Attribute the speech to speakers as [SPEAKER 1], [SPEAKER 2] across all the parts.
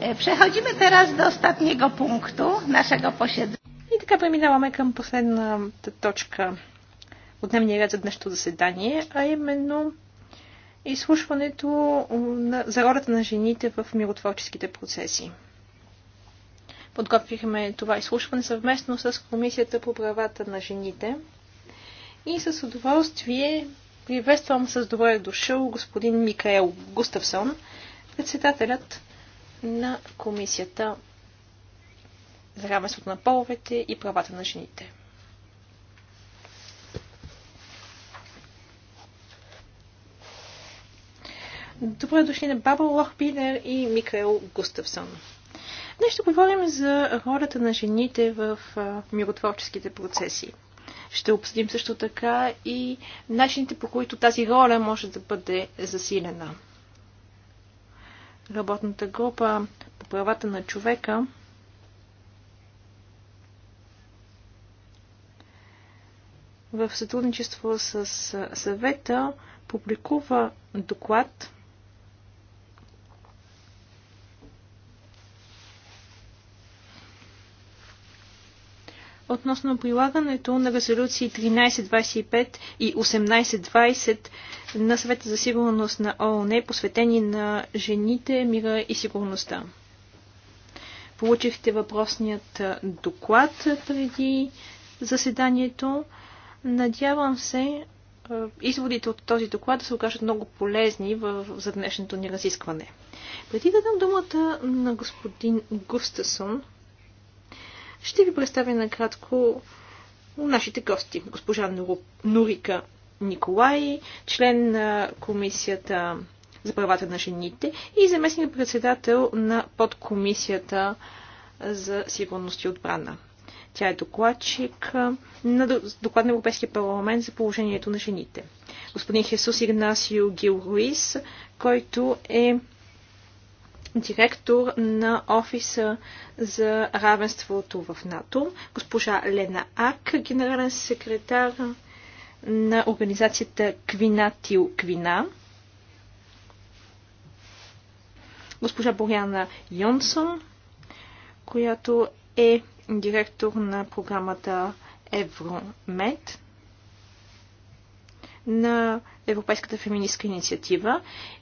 [SPEAKER 1] E, przechodzimy teraz do ostatniego punktu naszego posiedzenia. И така преминаваме към последната точка от дневния ред за днешното заседание, а именно изслушването за ролята на жените в миротворческите процеси. Подготвихме това изслушване съвместно с Комисията по правата на жените и с удоволствие Приветствам с добре дошъл господин Микаел Густавсон, председателят на Комисията за равенството на половете и правата на жените. Добре дошли на Баба Лохбинер и Микаел Густавсон. Днес ще говорим за ролята на жените в миротворческите процеси. Ще обсъдим също така и начините по които тази роля може да бъде засилена. Работната група по правата на човека в сътрудничество с съвета публикува доклад относно прилагането на резолюции 1325 и 1820 на Съвета за сигурност на ООН, посветени на жените, мира и сигурността. Получихте въпросният доклад преди заседанието. Надявам се е, изводите от този доклад да се окажат много полезни в, за днешното ни разискване. Преди да дам думата на господин Густасон, ще ви представя накратко нашите гости. Госпожа Нурика Николай, член на комисията за правата на жените и заместник председател на подкомисията за сигурност и отбрана. Тя е докладчик на доклад на Европейския парламент за положението на жените. Господин Хесус Игнасио Гил Руис, който е директор на офиса за равенството в НАТО, госпожа Лена Ак, генерален секретар на организацията Тил Квина, госпожа Боряна Йонсон, която е директор на програмата Евромед, на Европейската феминистка инициатива.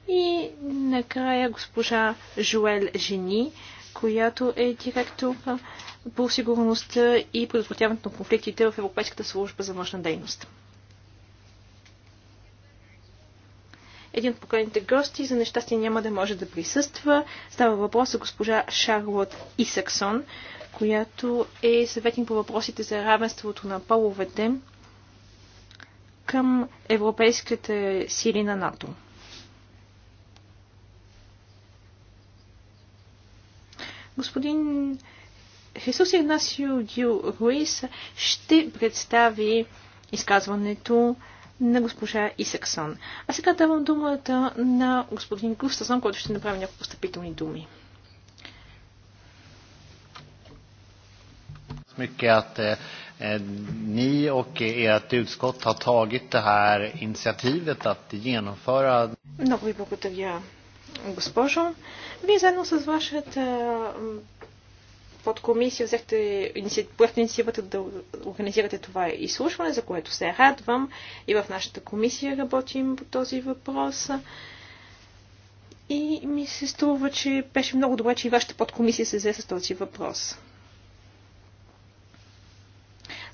[SPEAKER 1] И накрая госпожа Жуел Жени, която е директор по сигурността и предотвратяването на конфликтите в Европейската служба за външна дейност. един от поколените гости за нещастие няма да може да присъства. Става въпрос за госпожа Шарлот Исаксон, която е съветник по въпросите за равенството на половете към европейските сили на НАТО. Господин Хесус Игнасио Дил Руис ще представи изказването на госпожа Исаксон. А сега давам думата на господин Кустасон, който ще направи няколко постъпителни думи. Mycket att Eh, ni och ert utskott har tagit det här initiativet att genomföra... Много ви благодаря, госпожо. Вие заедно с вашата подкомисия взехте поехте инициативата да организирате това изслушване, за което се радвам. И в нашата комисия работим по този въпрос. И ми се струва, че беше много добре, че и вашата подкомисия се взе с този въпрос.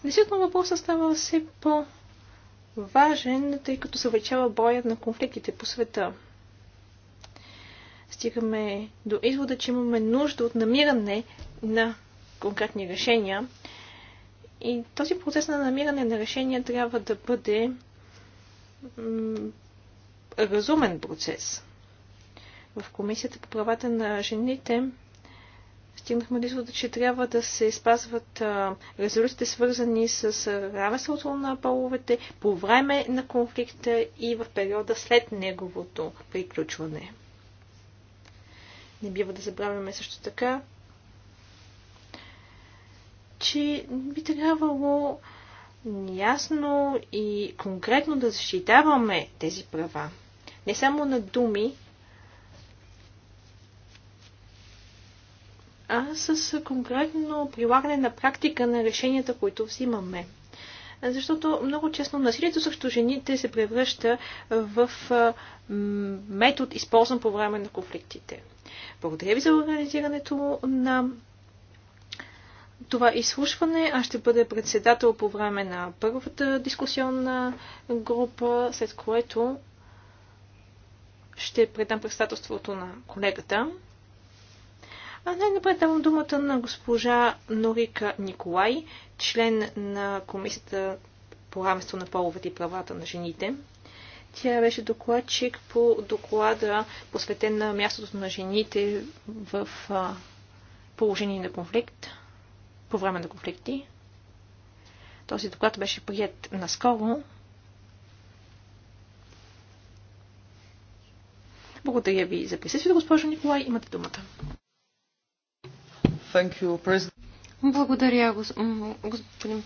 [SPEAKER 1] Действително въпросът става все по-важен, тъй като се увеличава броят на конфликтите по света. Стигаме до извода, че имаме нужда от намиране на конкретни решения. И този процес на намиране на решения трябва да бъде разумен процес. В Комисията по правата на жените стигнахме до извода, че трябва да се спазват резолюциите, свързани с равенството на половете по време на конфликта и в периода след неговото приключване. Не бива да забравяме също така, че би трябвало ясно и конкретно да защитаваме тези права. Не само на думи, а с конкретно прилагане на практика на решенията, които взимаме. Защото много честно насилието срещу жените се превръща в метод, използван по време на конфликтите. Благодаря ви за организирането на това изслушване. Аз ще бъде председател по време на първата дискусионна група, след което ще предам председателството на колегата. А най-напред давам думата на госпожа Норика Николай, член на Комисията по равенство на половете и правата на жените. Тя беше докладчик по доклада, посветен на мястото на жените в положение на конфликт, по време на конфликти. Този доклад беше прият наскоро. Благодаря ви за присъствието, госпожо Николай. Имате думата.
[SPEAKER 2] Благодаря, господин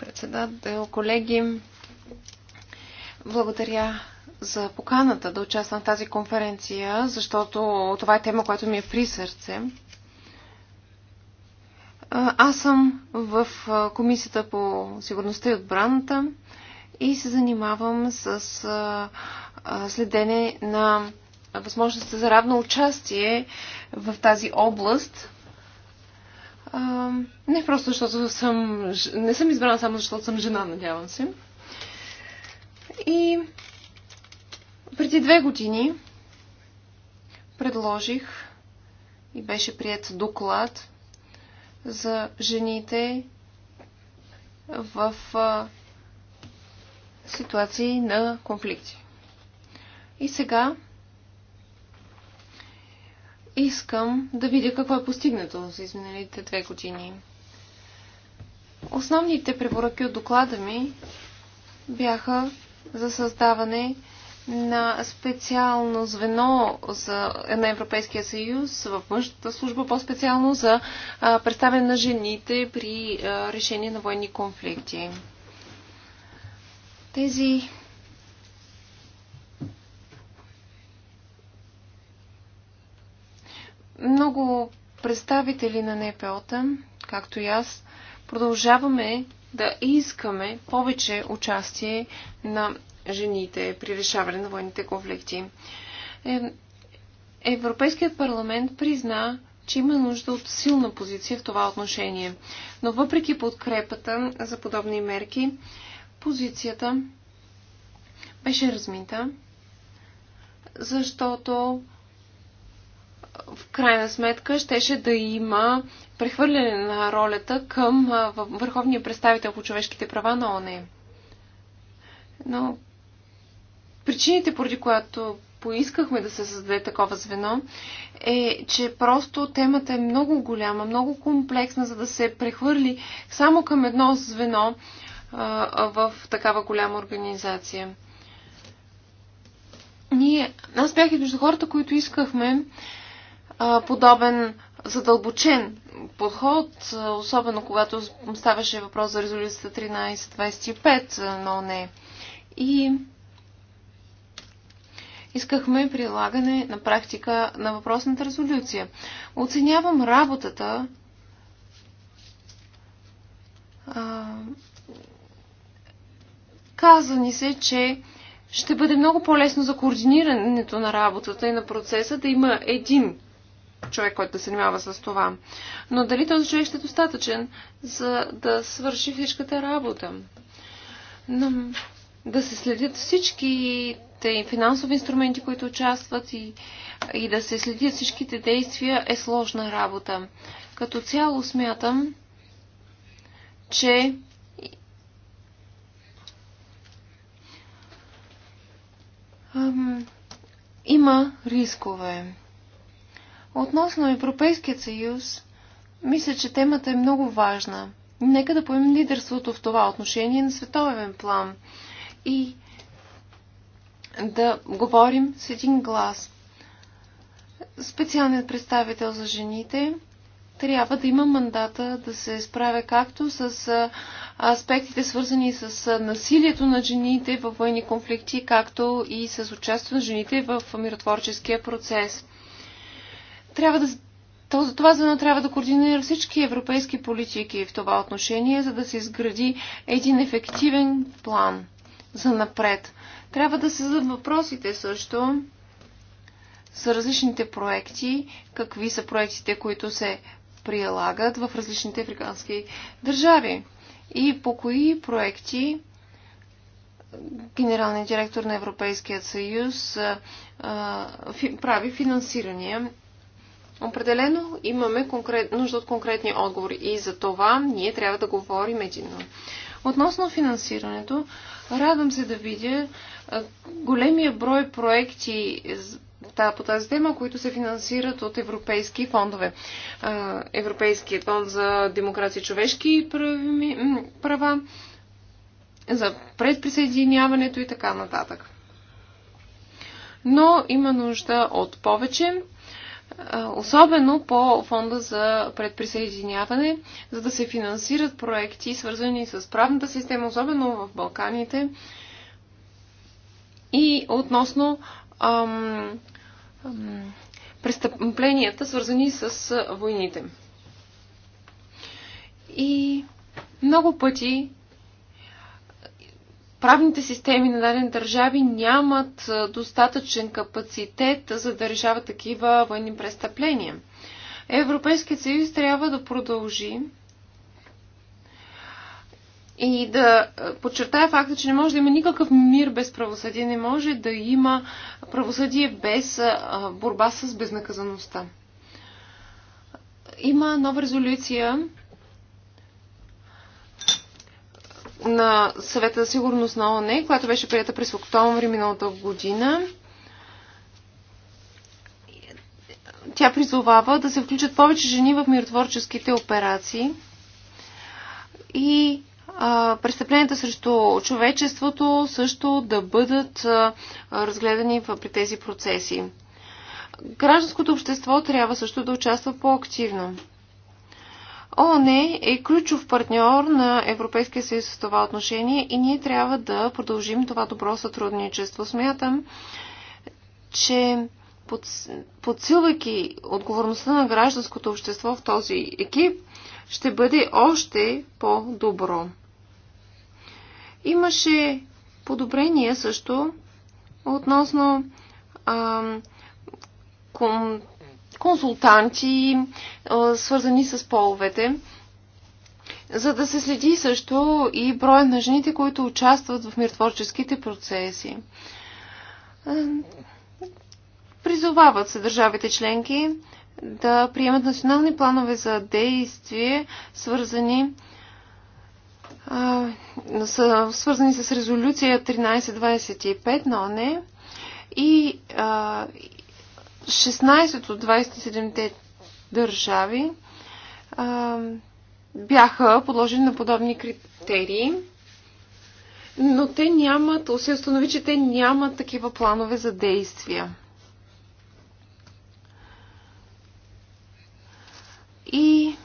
[SPEAKER 2] председател, колеги. Благодаря за поканата да участвам в тази конференция, защото това е тема, която ми е при сърце. Аз съм в Комисията по сигурността и отбраната и се занимавам с следене на възможността за равно участие в тази област а, не просто защото съм... Не съм избрана само защото съм жена, надявам се. И преди две години предложих и беше прият доклад за жените в ситуации на конфликти. И сега искам да видя какво е постигнато за изминалите две години. Основните препоръки от доклада ми бяха за създаване на специално звено за, на Европейския съюз в външната служба, по-специално за а, представяне на жените при а, решение на военни конфликти. Тези Много представители на НПО-та, както и аз, продължаваме да искаме повече участие на жените при решаване на военните конфликти. Е, Европейският парламент призна, че има нужда от силна позиция в това отношение. Но въпреки подкрепата за подобни мерки, позицията беше размита, защото в крайна сметка щеше да има прехвърляне на ролята към върховния представител по човешките права на ОНЕ. Но причините, поради която поискахме да се създаде такова звено, е, че просто темата е много голяма, много комплексна, за да се прехвърли само към едно звено в такава голяма организация. Ние, аз бях и между хората, които искахме подобен задълбочен подход, особено когато ставаше въпрос за резолюцията 1325 на ОНЕ. И искахме прилагане на практика на въпросната резолюция. Оценявам работата каза ни се, че ще бъде много по-лесно за координирането на работата и на процеса да има един човек, който се занимава с това. Но дали този човек ще е достатъчен, за да свърши всичката работа? Но, да се следят всичките финансови инструменти, които участват и, и да се следят всичките действия е сложна работа. Като цяло смятам, че ам, има рискове. Относно Европейският съюз, мисля, че темата е много важна. Нека да поемем лидерството в това отношение на световен план и да говорим с един глас. Специалният представител за жените трябва да има мандата да се справя както с аспектите свързани с насилието на жените във военни конфликти, както и с участието на жените в миротворческия процес – трябва да това звено трябва да координира всички европейски политики в това отношение, за да се изгради един ефективен план за напред. Трябва да се зададат въпросите също за различните проекти, какви са проектите, които се прилагат в различните африкански държави и по кои проекти генералният директор на Европейския съюз а, фи, прави финансирания Определено имаме конкрет, нужда от конкретни отговори и за това ние трябва да говорим единно. Относно финансирането, радвам се да видя големия брой проекти да, по тази тема, които се финансират от европейски фондове. Европейският фонд за демокрация и човешки права, за предприсъединяването и така нататък. Но има нужда от повече особено по фонда за предприсъединяване, за да се финансират проекти, свързани с правната система, особено в Балканите. И относно ам, ам, престъпленията, свързани с войните. И много пъти правните системи на дадени държави нямат достатъчен капацитет за да решават такива военни престъпления. Европейският съюз трябва да продължи и да подчертая факта, че не може да има никакъв мир без правосъдие, не може да има правосъдие без борба с безнаказаността. Има нова резолюция на съвета за сигурност на ОНЕ, която беше прията през октомври миналата година. Тя призовава да се включат повече жени в миротворческите операции и а, престъпленията срещу човечеството също да бъдат а, разгледани в, при тези процеси. Гражданското общество трябва също да участва по-активно. ООН е ключов партньор на Европейския съюз в това отношение и ние трябва да продължим това добро сътрудничество. Смятам, че подсилвайки отговорността на гражданското общество в този екип, ще бъде още по-добро. Имаше подобрения също относно ам, консултанти, свързани с половете, за да се следи също и броя на жените, които участват в миротворческите процеси. Призовават се държавите членки да приемат национални планове за действие, свързани са свързани с резолюция 1325 на ОНЕ и, а, 16 от 27-те държави а, бяха подложени на подобни критерии, но те нямат, се установи, че те нямат такива планове за действия. И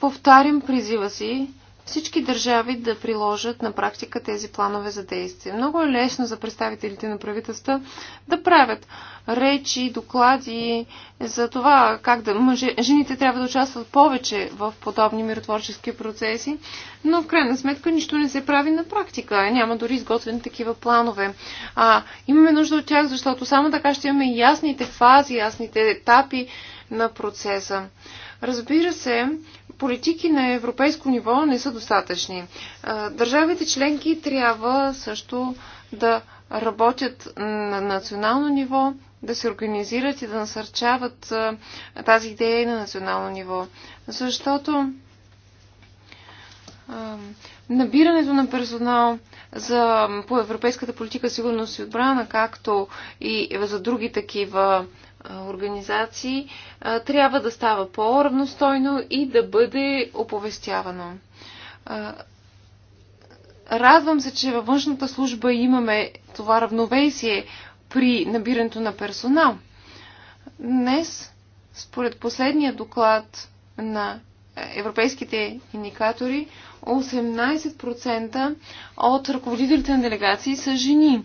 [SPEAKER 2] повтарям призива си всички държави да приложат на практика тези планове за действие. Много е лесно за представителите на правителства да правят речи, доклади за това как да, мъже, жените трябва да участват повече в подобни миротворчески процеси, но в крайна сметка нищо не се прави на практика. Няма дори изготвени такива планове. А, имаме нужда от тях, защото само така ще имаме ясните фази, ясните етапи на процеса. Разбира се, политики на европейско ниво не са достатъчни. Държавите членки трябва също да работят на национално ниво, да се организират и да насърчават тази идея и на национално ниво. Защото набирането на персонал за, по европейската политика сигурност и отбрана, както и за други такива организации трябва да става по-равностойно и да бъде оповестявано. Радвам се, че във външната служба имаме това равновесие при набирането на персонал. Днес, според последния доклад на европейските индикатори, 18% от ръководителите на делегации са жени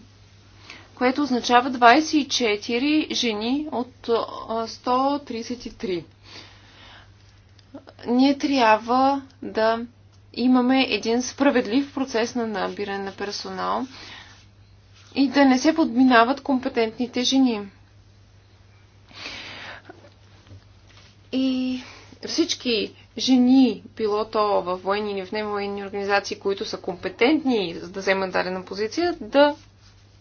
[SPEAKER 2] което означава 24 жени от 133. Ние трябва да имаме един справедлив процес на набиране на персонал и да не се подминават компетентните жени. И всички жени, било то в военни или в невоенни организации, които са компетентни да вземат дадена позиция, да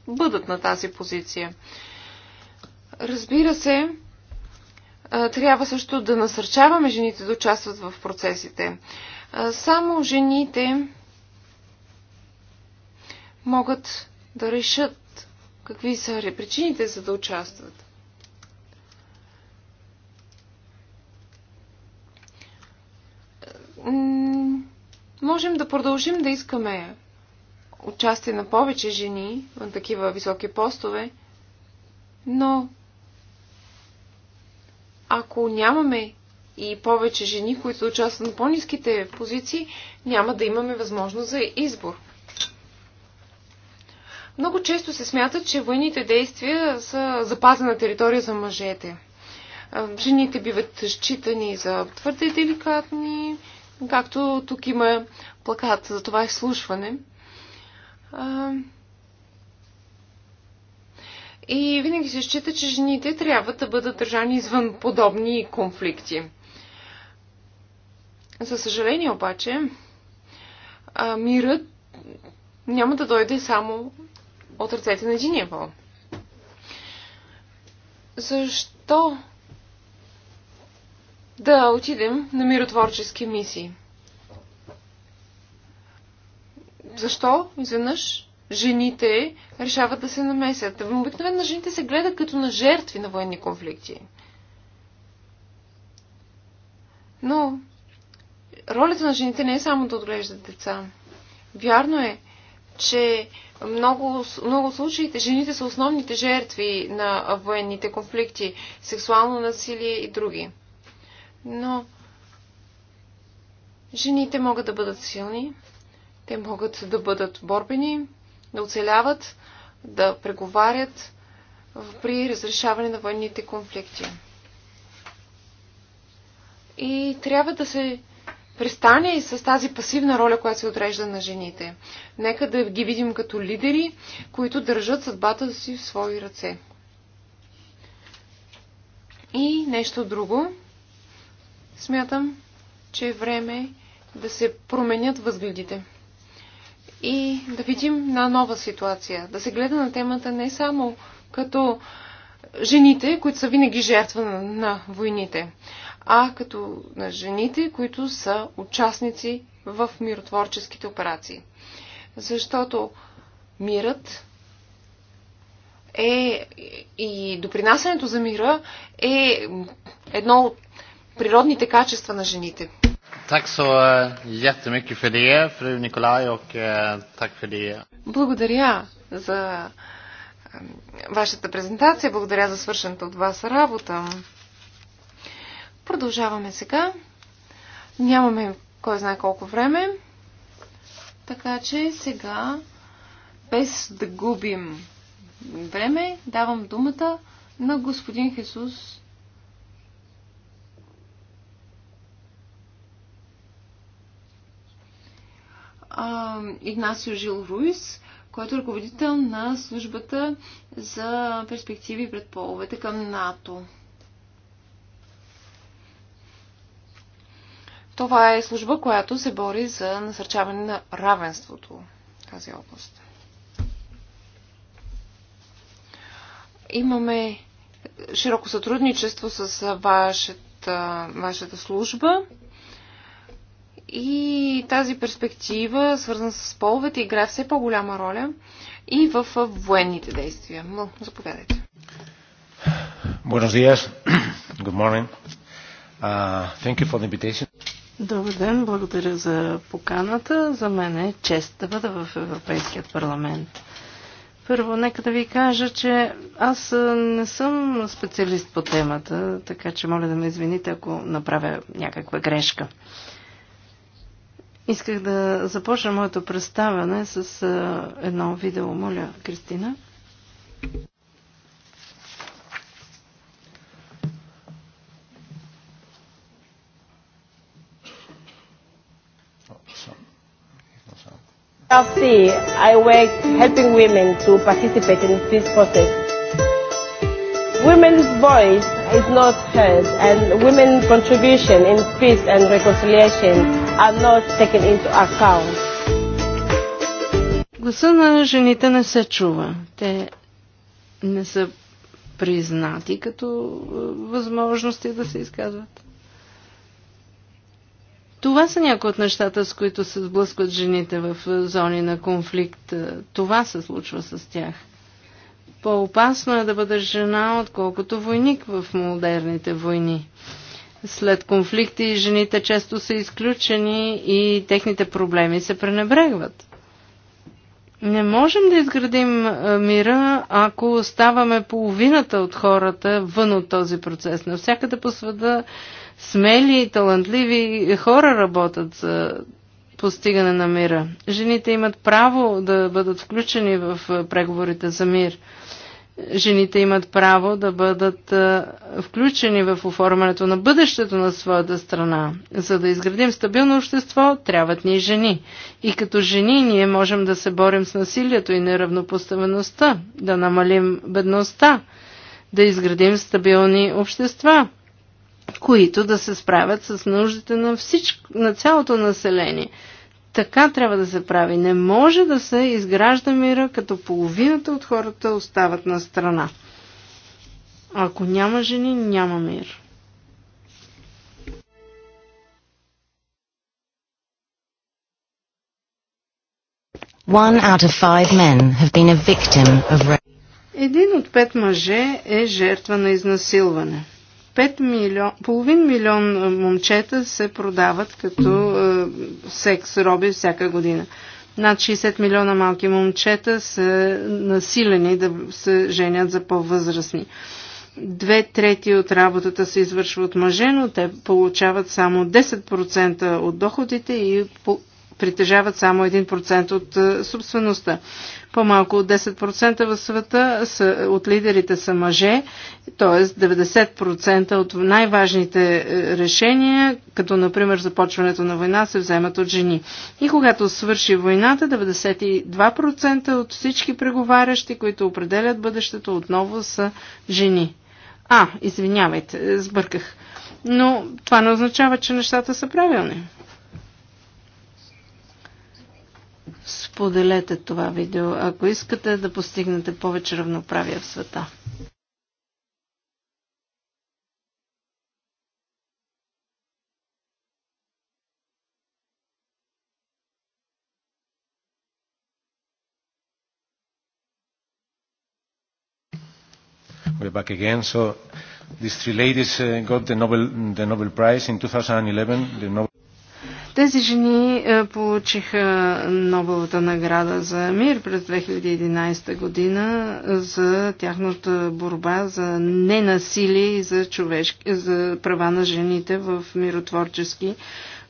[SPEAKER 2] бъдат на тази позиция. Разбира се, трябва също да насърчаваме жените да участват в процесите. Само жените могат да решат какви са причините за да участват. Можем да продължим да искаме участие на повече жени на такива високи постове, но ако нямаме и повече жени, които участват на по-низките позиции, няма да имаме възможност за избор. Много често се смята, че военните действия са запазена територия за мъжете. Жените биват считани за твърде деликатни, както тук има плакат за това изслушване. Е и винаги се счита, че жените трябва да бъдат държани извън подобни конфликти. За съжаление обаче, мирът няма да дойде само от ръцете на единия пол. Защо да отидем на миротворчески мисии? защо изведнъж жените решават да се намесят. Обикновено жените се гледат като на жертви на военни конфликти. Но ролята на жените не е само да отглеждат деца. Вярно е, че много, много случаите жените са основните жертви на военните конфликти, сексуално насилие и други. Но жените могат да бъдат силни, те могат да бъдат борбени, да оцеляват, да преговарят при разрешаване на военните конфликти. И трябва да се престане и с тази пасивна роля, която се отрежда на жените. Нека да ги видим като лидери, които държат съдбата си в свои ръце. И нещо друго. Смятам, че е време да се променят възгледите и да видим на нова ситуация. Да се гледа на темата не само като жените, които са винаги жертва на, войните, а като на жените, които са участници в миротворческите операции. Защото мирът е и допринасянето за мира е едно от природните качества на жените.
[SPEAKER 1] Tack så eh, jättemycket för det, fru Nikolaj, och eh, tack för det.
[SPEAKER 2] Благодаря за вашата презентация, благодаря за свършената от вас работа. Продължаваме сега. Нямаме кой знае колко време, така че сега, без да губим време, давам думата на господин Хисус Игнасио Жил Руис, който е ръководител на службата за перспективи и предполовете към НАТО. Това е служба, която се бори за насърчаване на равенството в тази област. Имаме широко сътрудничество с вашата, вашата служба. И тази перспектива, свързана с половете, игра все по-голяма роля и в военните действия. Но, заповядайте. Buenos días. Good morning. Uh, thank you for the invitation.
[SPEAKER 3] Добър ден, благодаря за поканата. За мен е чест да бъда в Европейският парламент. Първо, нека да ви кажа, че аз не съм специалист по темата, така че моля да ме извините, ако направя някаква грешка. Uh, Исках да започна моето представяне с едно видео. Моля, Кристина.
[SPEAKER 1] LC, I work helping women to participate in this process. Women's voice is not heard, and women's contribution in peace and reconciliation are not taken into account.
[SPEAKER 3] Гласа на жените не се чува. Те не са признати като е, възможности да се изказват. Това са някои от нещата, с които се сблъскват жените в е, зони на конфликт. Е, това се случва с тях. По-опасно е да бъдеш жена, отколкото войник в модерните войни. След конфликти жените често са изключени и техните проблеми се пренебрегват. Не можем да изградим мира, ако оставаме половината от хората вън от този процес. Навсякъде по света смели и талантливи хора работят за постигане на мира. Жените имат право да бъдат включени в преговорите за мир жените имат право да бъдат включени в оформянето на бъдещето на своята страна. За да изградим стабилно общество, трябват ни жени. И като жени ние можем да се борим с насилието и неравнопоставеността, да намалим бедността, да изградим стабилни общества, които да се справят с нуждите на, всичко, на цялото население – така трябва да се прави. Не може да се изгражда мира, като половината от хората остават на страна. Ако няма жени, няма мир.
[SPEAKER 2] One out of five men have been a victim of...
[SPEAKER 3] Един от пет мъже е жертва на изнасилване. 5 милион, половин милион е, момчета се продават като е, секс роби всяка година. Над 60 милиона малки момчета са насилени да се женят за по-възрастни. Две трети от работата се извършва от мъже, но те получават само 10% от доходите и притежават само 1% от е, собствеността. По-малко от 10% в света са, от лидерите са мъже, т.е. 90% от най-важните е, решения, като например започването на война, се вземат от жени. И когато свърши войната, 92% от всички преговарящи, които определят бъдещето, отново са жени. А, извинявайте, е, сбърках. Но това не означава, че нещата са правилни споделете това видео, ако искате да постигнете повече равноправие в света.
[SPEAKER 2] We're back again. So these three ladies uh, got the Nobel, the Nobel Prize in 2011. The Nobel
[SPEAKER 3] тези жени е, получиха Нобелата награда за мир през 2011 година за тяхната борба за ненасилие и за, човешки, за права на жените в миротворчески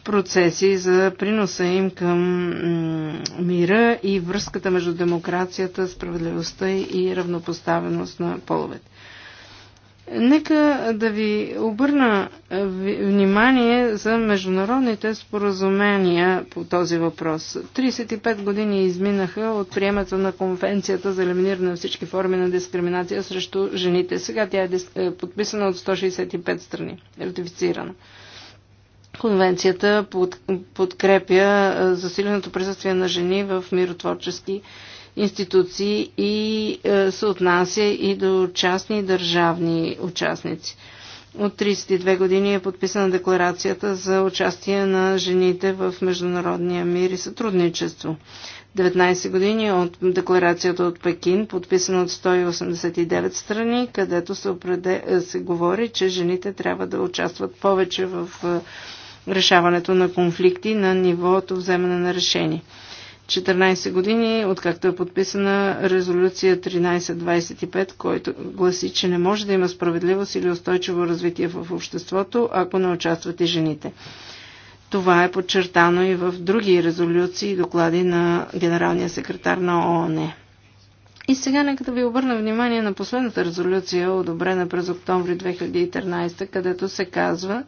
[SPEAKER 3] процеси, за приноса им към мира и връзката между демокрацията, справедливостта и равнопоставеност на половете. Нека да ви обърна е, внимание за международните споразумения по този въпрос. 35 години изминаха от приемата на Конвенцията за елиминиране на всички форми на дискриминация срещу жените. Сега тя е, е подписана от 165 страни, ратифицирана. Конвенцията подкрепя е, засиленото присъствие на жени в миротворчески институции и е, се отнася и до частни и държавни участници. От 32 години е подписана декларацията за участие на жените в международния мир и сътрудничество. 19 години от декларацията от Пекин, подписана от 189 страни, където се, опреде, е, се говори, че жените трябва да участват повече в е, решаването на конфликти на нивото вземане на решение. 14 години, откакто е подписана резолюция 1325, който гласи, че не може да има справедливост или устойчиво развитие в обществото, ако не участват и жените. Това е подчертано и в други резолюции и доклади на генералния секретар на ООН. И сега нека да ви обърна внимание на последната резолюция, одобрена през октомври 2013, където се казва,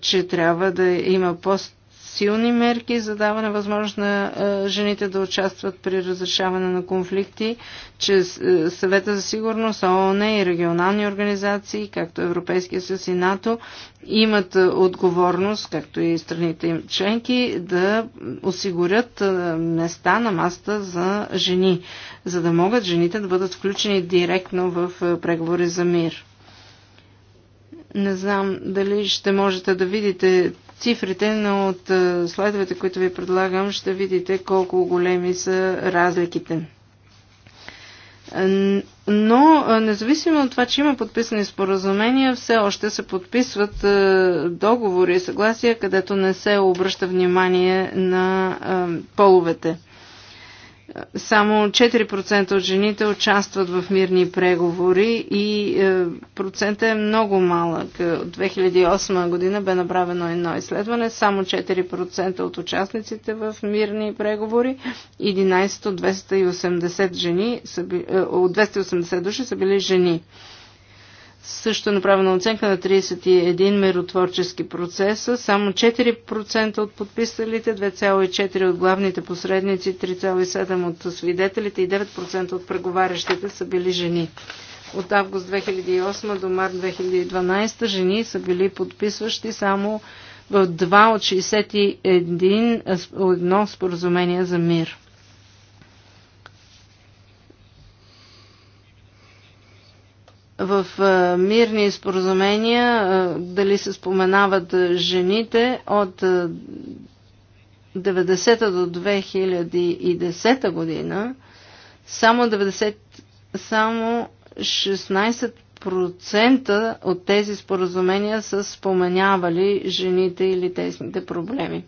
[SPEAKER 3] че трябва да има пост силни мерки за даване възможност на е, жените да участват при разрешаване на конфликти, чрез е, съвета за сигурност, ООН и регионални организации, както Европейския съюз и НАТО, имат е, отговорност, както и страните им членки, да осигурят места на маста за жени, за да могат жените да бъдат включени директно в преговори за мир. Не знам дали ще можете да видите цифрите, но от слайдовете, които ви предлагам, ще видите колко големи са разликите. Но, независимо от това, че има подписани споразумения, все още се подписват договори и съгласия, където не се обръща внимание на половете. Само 4% от жените участват в мирни преговори и е, процентът е много малък. От 2008 година бе направено едно изследване. Само 4% от участниците в мирни преговори, 11 от 280 жени, е, от 280 души са били жени. Също е направена оценка на 31 миротворчески процеса, само 4% от подписалите, 2,4% от главните посредници, 3,7% от свидетелите и 9% от преговарящите са били жени. От август 2008 до март 2012 жени са били подписващи само в 2 от 61 едно споразумение за мир. в мирни споразумения дали се споменават жените от 90-та до 2010 година, само 90, само 16% от тези споразумения са споменявали жените или тесните проблеми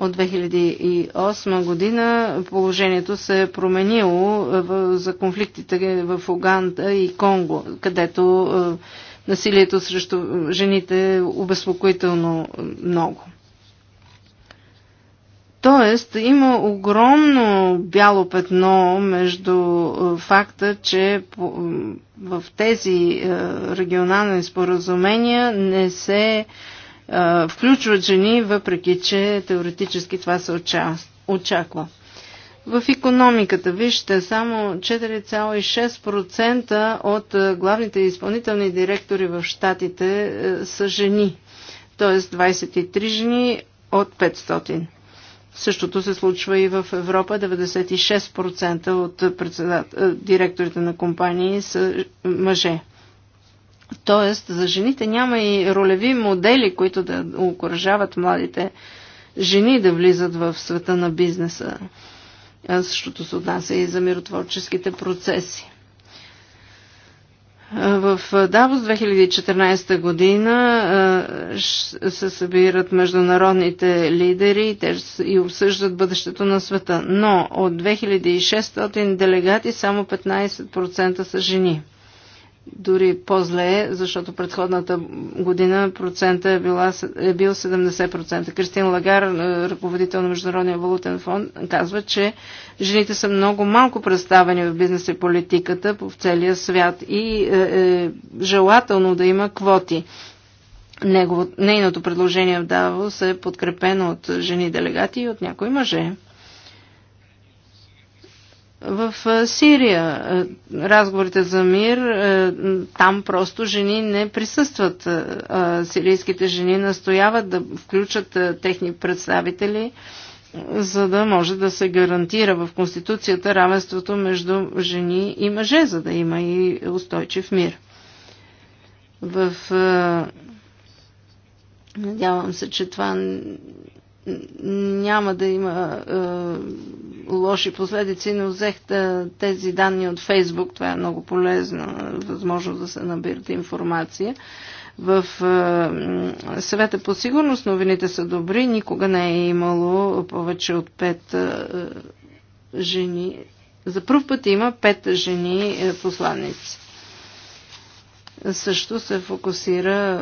[SPEAKER 3] от 2008 година положението се е променило е, за конфликтите в Уганда и Конго, където е, насилието срещу жените е обезпокоително много. Тоест, има огромно бяло петно между е, факта, че в тези регионални споразумения не се включват жени, въпреки че теоретически това се очаква. В економиката, вижте, само 4,6% от главните изпълнителни директори в щатите са жени, т.е. 23 жени от 500. Същото се случва и в Европа. 96% от директорите на компании са мъже. Тоест, за жените няма и ролеви модели, които да окоръжават младите жени да влизат в света на бизнеса. А същото се отнася и за миротворческите процеси. В Давос 2014 година се събират международните лидери и и обсъждат бъдещето на света. Но от 2600 делегати само 15% са жени дори по-зле, защото предходната година процента е, била, е бил 70%. Кристин Лагар, е, ръководител на Международния валутен фонд, казва, че жените са много малко представени в бизнес и политиката по целия свят и е, е желателно да има квоти. Негово, нейното предложение в Давос е подкрепено от жени делегати и от някои мъже. В Сирия разговорите за мир, там просто жени не присъстват. Сирийските жени настояват да включат техни представители, за да може да се гарантира в Конституцията равенството между жени и мъже, за да има и устойчив мир. В... Надявам се, че това няма да има лоши последици, но взехте тези данни от Фейсбук. Това е много полезна възможност да се набирате информация. В е, съвета по сигурност новините са добри. Никога не е имало повече от пет е, жени. За първ път има пет жени е, посланици. също се фокусира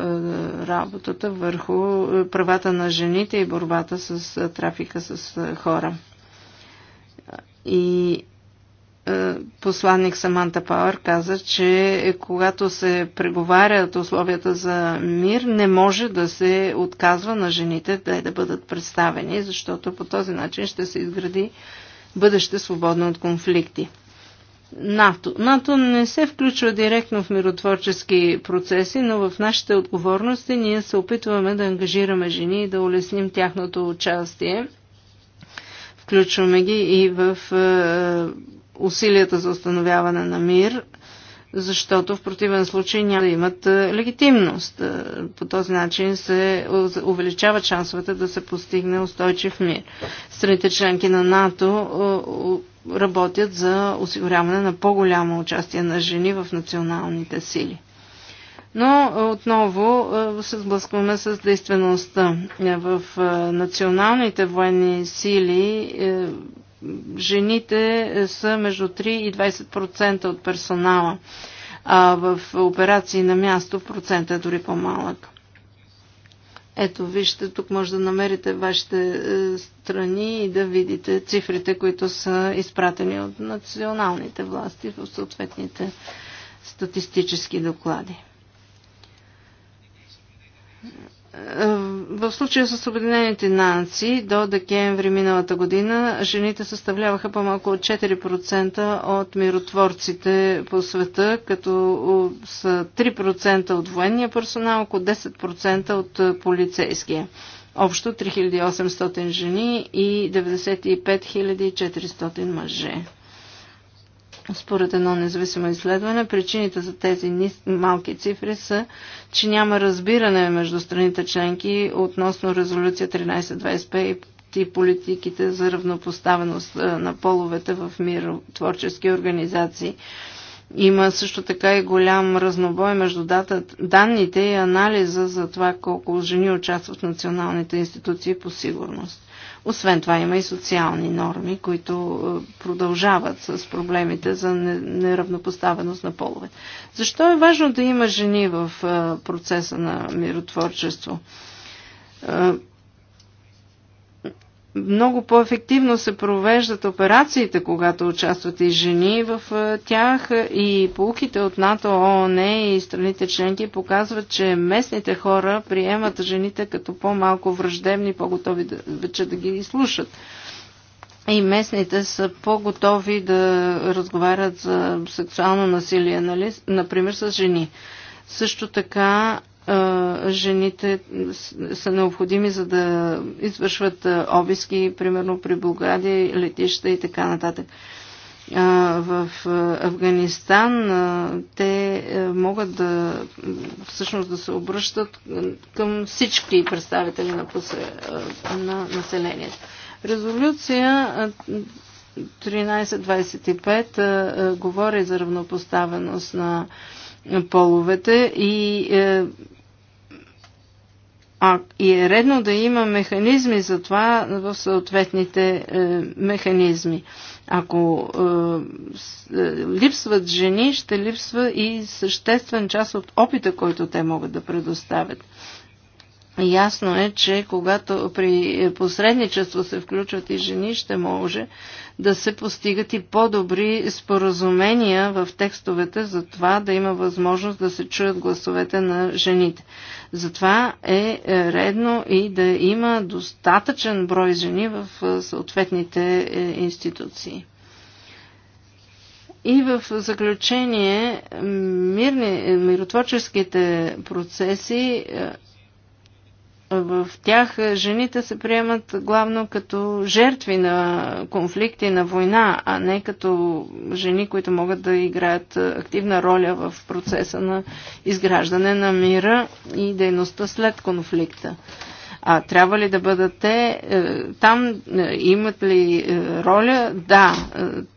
[SPEAKER 3] работата върху правата на жените и борбата с трафика с хора. И е, посланник Саманта Пауър каза, че когато се преговарят условията за мир, не може да се отказва на жените да, да бъдат представени, защото по този начин ще се изгради бъдеще свободно от конфликти. НАТО. НАТО не се включва директно в миротворчески процеси, но в нашите отговорности ние се опитваме да ангажираме жени и да улесним тяхното участие Включваме ги и в е, усилията за установяване на мир, защото в противен случай няма да имат е, легитимност. Е, по този начин се увеличават шансовете да се постигне устойчив мир. Страните членки на НАТО работят за осигуряване на по-голямо участие на жени в националните сили. Но е, отново е, се сблъскваме с действеността. Е, в националните военни сили жените са между 3 и 20% от персонала, а в операции на място процентът е дори по-малък. Ето, вижте, тук може да намерите вашите страни и да видите цифрите, които са изпратени от националните власти в съответните статистически доклади. Е, в случая с Обединените нации до декември миналата година жените съставляваха по-малко от 4% от миротворците по света, като са 3% от военния персонал, около 10% от е, полицейския. Общо 3800 жени и 95 400 мъже. Според едно независимо изследване, причините за тези малки цифри са, че няма разбиране между страните членки относно резолюция 1325 и политиките за равнопоставеност на половете в миротворчески организации. Има също така и голям разнобой между дата, данните и анализа за това колко жени участват в националните институции по сигурност. Освен това има и социални норми, които е, продължават с проблемите за неравнопоставеност на полове. Защо е важно да има жени в е, процеса на миротворчество? Е, много по-ефективно се провеждат операциите, когато участват и жени в е, тях е, и полуките от НАТО, ООН и страните членки показват, че местните хора приемат жените като по-малко враждебни, по-готови да, вече да ги слушат. И местните са по-готови да разговарят за сексуално насилие, нали? например, с жени. Също така жените са необходими за да извършват обиски, примерно при България, летища и така нататък. В Афганистан те могат да всъщност да се обръщат към всички представители на, посе, на населението. Резолюция 1325 говори за равнопоставеност на половете и е, а и е редно да има механизми за това в съответните е, механизми. Ако е, е липсват жени, ще липсва и съществен част от опита, който те могат да предоставят. Ясно е, че когато при посредничество се включват и жени, ще може да се постигат и по-добри споразумения в текстовете за това да има възможност да се чуят гласовете на жените. Затова е редно и да има достатъчен брой жени в съответните е, институции. И в заключение, мирни, миротворческите процеси е, в тях жените се приемат главно като жертви на конфликти, на война, а не като жени, които могат да играят активна роля в процеса на изграждане на мира и дейността след конфликта. А трябва ли да бъдат те? Е, там е, имат ли е, роля? Да,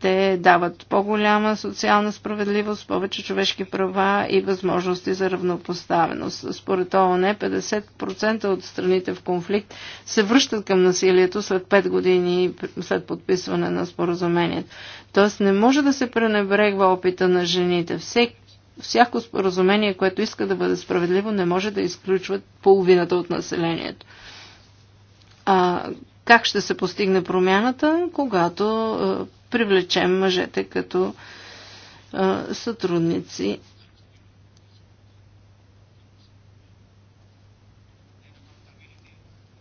[SPEAKER 3] те дават по-голяма социална справедливост, повече човешки права и възможности за равнопоставеност. Според ООН 50% от страните в конфликт се връщат към насилието след 5 години след подписване на споразумението. Тоест не може да се пренебрегва опита на жените. Всеки всяко споразумение, което иска да бъде справедливо, не може да изключва половината от населението. А, как ще се постигне промяната, когато а, привлечем мъжете като а, сътрудници?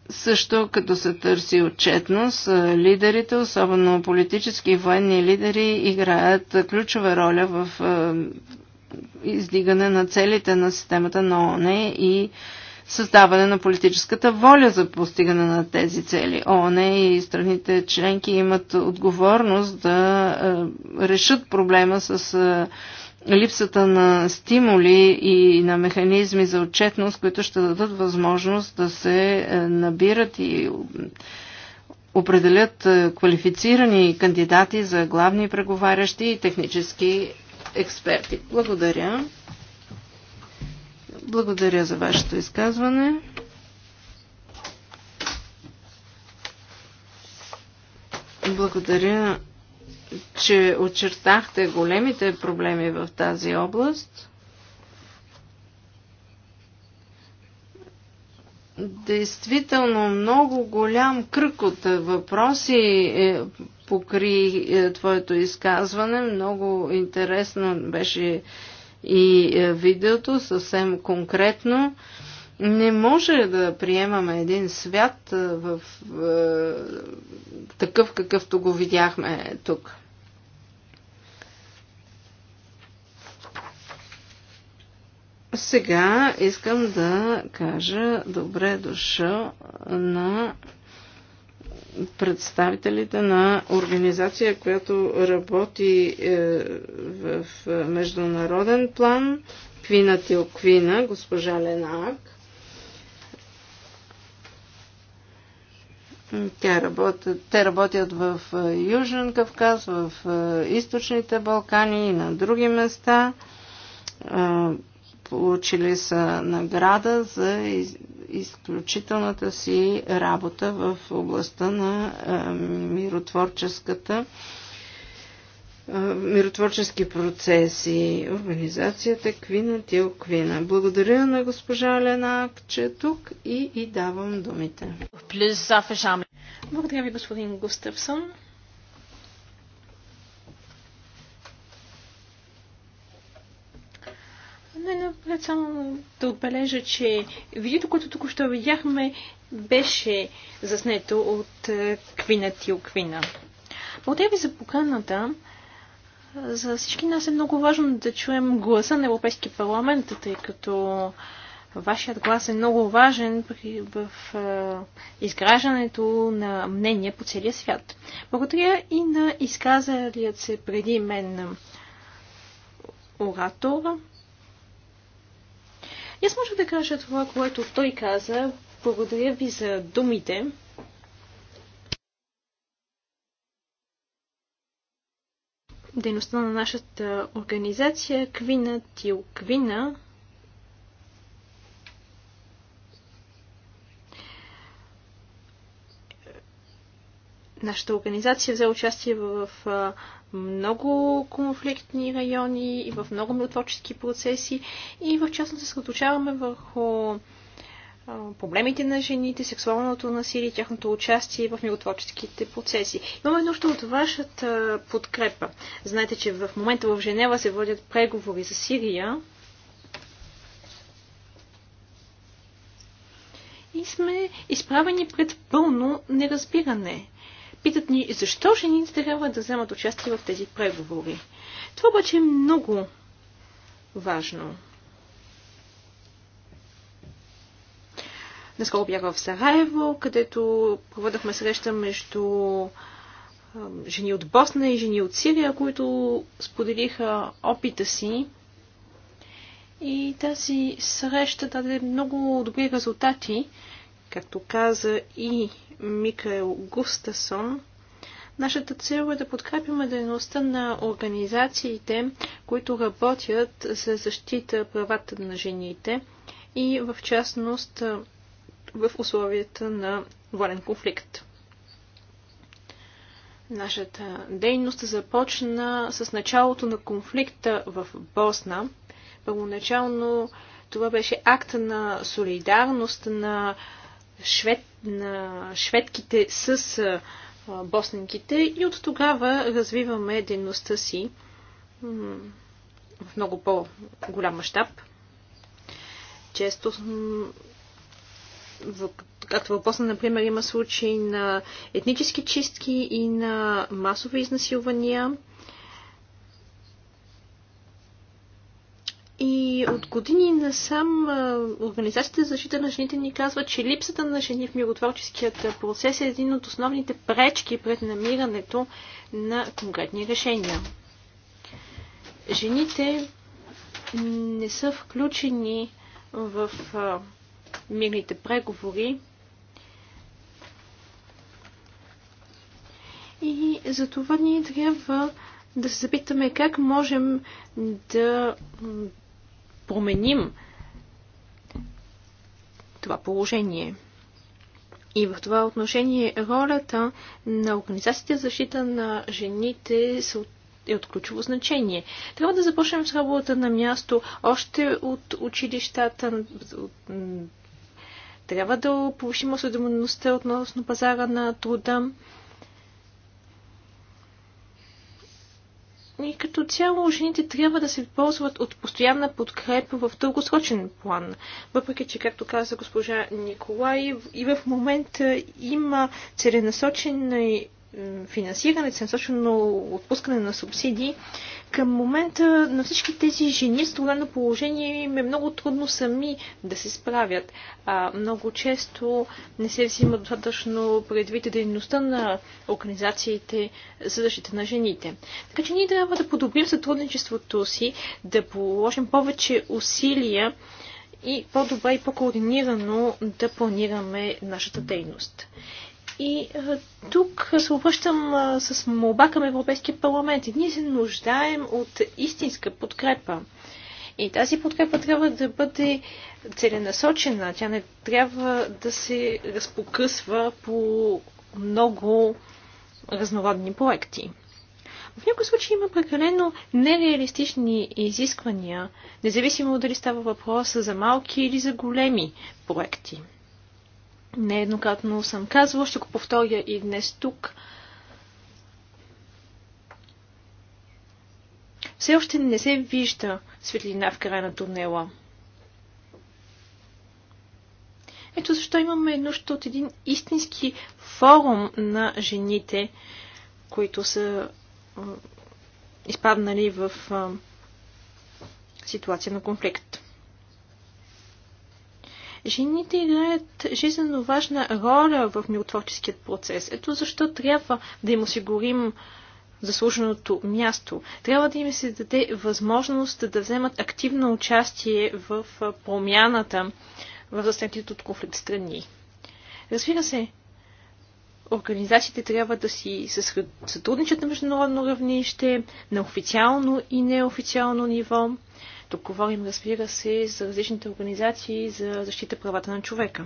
[SPEAKER 3] Също като се търси отчетност, лидерите, особено политически и военни лидери, играят ключова роля в издигане на целите на системата на ООН и създаване на политическата воля за постигане на тези цели. ООН и страните членки имат отговорност да е, решат проблема с е, липсата на стимули и на механизми за отчетност, които ще дадат възможност да се е, набират и определят квалифицирани кандидати за главни преговарящи и технически експерти. Благодаря. Благодаря за вашето изказване. Благодаря, че очертахте големите проблеми в тази област. действително много голям кръг от въпроси е, покри е, твоето изказване. Много интересно беше и е, видеото, съвсем конкретно. Не може да приемаме един свят е, в е, такъв, какъвто го видяхме тук. Сега искам да кажа добре дошъл на представителите на организация, която работи е, в е, международен план, Квина Тилквина, госпожа Ленак. Тя работят, те работят в е, Южен Кавказ, в Източните Балкани и на други места Получили са награда за изключителната си работа в областта на е, миротворческата е, миротворчески процеси. Организацията Квина Тил Квина. Благодаря на госпожа Лена, че е тук и,
[SPEAKER 1] и давам думите. Благодаря ви, господин Густавсон. Не ами, напред само да отбележа, че видеото, което тук ще видяхме, беше заснето от е, Квина Тилквина. Благодаря ви за поканата. За всички нас е много важно да чуем гласа на Европейския парламент, тъй като вашият глас е много важен в е, изграждането на мнение по целия свят. Благодаря и на изказалият се преди мен оратор. И аз мога да кажа това, което той каза. Благодаря ви за думите. Дейността на нашата организация Квина Тил Квина нашата организация взе участие в много конфликтни райони и в много миротворчески процеси и в частност се съсредоточаваме върху проблемите на жените, сексуалното насилие, тяхното участие в миротворческите процеси. Имаме нужда от вашата подкрепа. Знаете, че в момента в Женева се водят преговори за Сирия. И сме изправени пред пълно неразбиране. Питат ни защо жените трябва да вземат участие в тези преговори. Това обаче е много важно. Наскоро бях в Сараево, където проведахме среща между жени от Босна и жени от Сирия, които споделиха опита си. И тази среща даде много добри резултати, Както каза и Микаел Густасон, нашата цел е да подкрепиме дейността на организациите, които работят за защита правата на жените и в частност в условията на военен конфликт. Нашата дейност започна с началото на конфликта в Босна. Първоначално това беше акт на солидарност на швед, на шведките с босненките и от тогава развиваме дейността си в много по-голям мащаб. Често, както в Босна, например, има случаи на етнически чистки и на масови изнасилвания. И от години насам Организацията за защита на жените ни казва, че липсата на жени в миротворческият процес е един от основните пречки пред намирането на конкретни решения. Жените не са включени в мирните преговори и затова ние трябва да се запитаме как можем да променим това положение. И в това отношение ролята на Организацията за защита на жените от е от ключово значение. Трябва да започнем с работа на място още от училищата. Трябва да повишим осведомеността относно пазара на труда. И като цяло жените трябва да се ползват от постоянна подкрепа в дългосрочен план. Въпреки, че, както каза госпожа Николай, и в момента има целенасочен финансиране, целенасочено отпускане на субсидии към момента на всички тези жени с трудно положение им е много трудно сами да се справят. А, много често не се взима достатъчно предвид дейността на организациите за защита на жените. Така че ние трябва да подобрим сътрудничеството си, да положим повече усилия и по-добре и по-координирано да планираме нашата дейност. И тук се обръщам с молба към Европейския парламент. И ние се нуждаем от истинска подкрепа. И тази подкрепа трябва да бъде целенасочена. Тя не трябва да се разпокъсва по много разнородни проекти. В някои случаи има прекалено нереалистични изисквания, независимо дали става въпрос за малки или за големи проекти нееднократно съм казвала, ще го повторя и днес тук. Все още не се вижда светлина в края на тунела. Ето защо имаме нужда от един истински форум на жените, които са изпаднали в ситуация на конфликт. Жените играят жизненно важна роля в миротворческият процес. Ето защо трябва да им осигурим заслуженото място. Трябва да им се даде възможност да вземат активно участие в промяната в застъпните от конфликт страни. Разбира се, организациите трябва да си сътрудничат на международно равнище, на официално и неофициално ниво. Тук говорим, разбира се, за различните организации за защита правата на човека.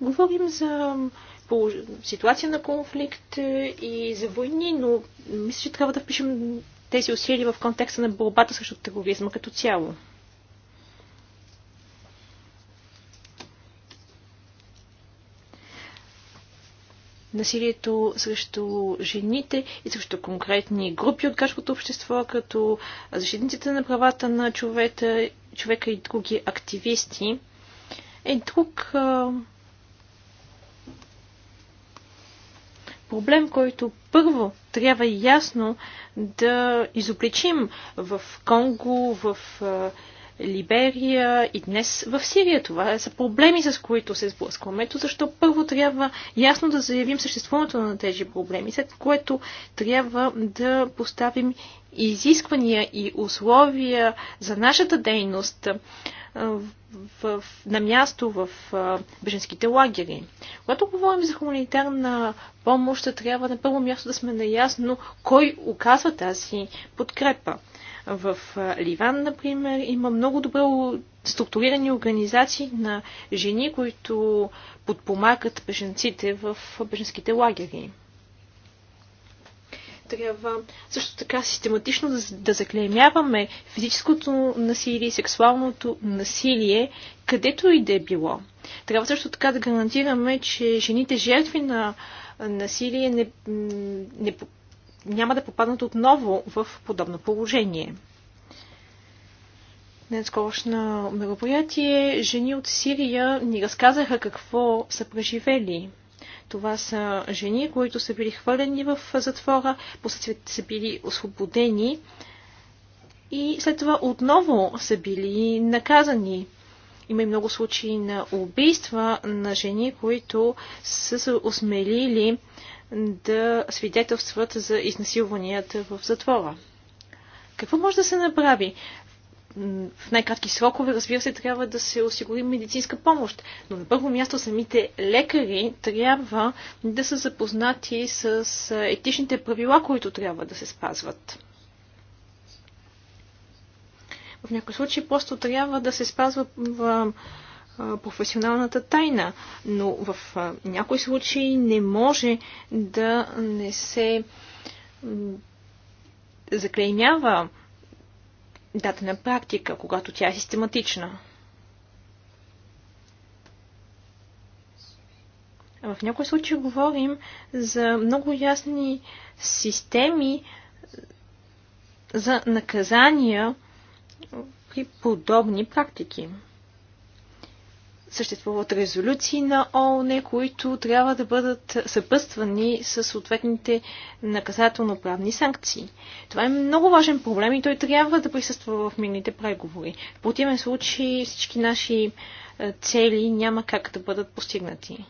[SPEAKER 1] Говорим за ситуация на конфликт е, и за войни, но мисля, че трябва да впишем тези усилия в контекста на борбата срещу тероризма като цяло. насилието срещу жените и срещу конкретни групи от гражданското общество, като защитниците на правата на човека, човека и други активисти, е друг проблем, който първо трябва ясно да изобличим в Конго, в Либерия и днес в Сирия. Това са проблеми, с които се сблъскваме. Ето защо първо трябва ясно да заявим съществуването на тези проблеми, след което трябва да поставим изисквания и условия за нашата дейност в, в, на място в в беженските лагери. Когато говорим за хуманитарна помощ, трябва на първо място да сме наясно кой оказва тази подкрепа. В Ливан, например, има много добре структурирани организации на жени, които подпомагат беженците в беженските лагери. Трябва също така систематично да, да заклеймяваме физическото насилие сексуалното насилие, където и да е било. Трябва също така да гарантираме, че жените жертви на насилие не, не няма да попаднат отново в подобно положение. Днескошно мероприятие жени от Сирия ни разказаха какво са преживели. Това са жени, които са били хвърлени в затвора, после са били освободени и след това отново са били наказани. Има и много случаи на убийства на жени, които са се осмелили да свидетелстват за изнасилванията в затвора. Какво може да се направи? в най-кратки срокове, разбира се, трябва да се осигури медицинска помощ. Но на първо място самите лекари трябва да са запознати с етичните правила, които трябва да се спазват. В някои случаи просто трябва да се спазва професионалната тайна, но в някои случаи не може да не се заклеймява дадена практика, когато тя е систематична. В някои случаи говорим за много ясни системи за наказания при подобни практики съществуват резолюции на ООН, които трябва да бъдат съпътствани с съответните наказателно-правни санкции. Това е много важен проблем и той трябва да присъства в мирните преговори. В противен случай всички наши е, цели няма как да бъдат постигнати.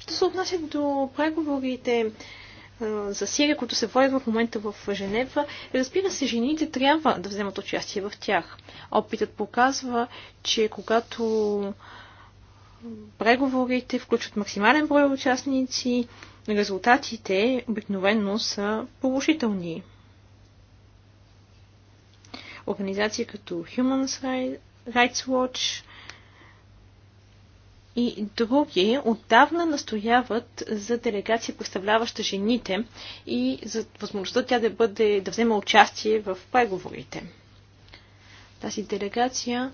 [SPEAKER 1] Що се отнася до преговорите за Сирия, които се водят в момента в Женева. Разбира се, жените трябва да вземат участие в тях. Опитът показва, че когато преговорите включват максимален брой участници, резултатите обикновено са положителни. Организации като Human Rights Watch и други отдавна настояват за делегация, представляваща жените и за възможността тя да, бъде, да вземе участие в преговорите. Тази делегация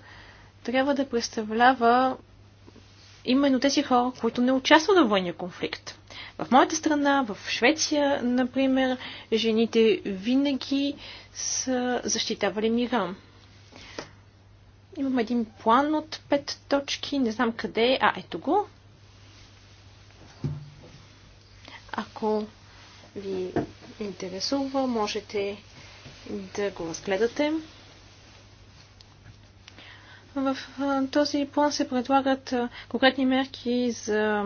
[SPEAKER 1] трябва да представлява именно тези хора, които не участват в военния конфликт. В моята страна, в Швеция, например, жените винаги са защитавали мира. Имам един план от пет точки, не знам къде е. А, ето го. Ако ви интересува, можете да го разгледате. В този план се предлагат конкретни мерки за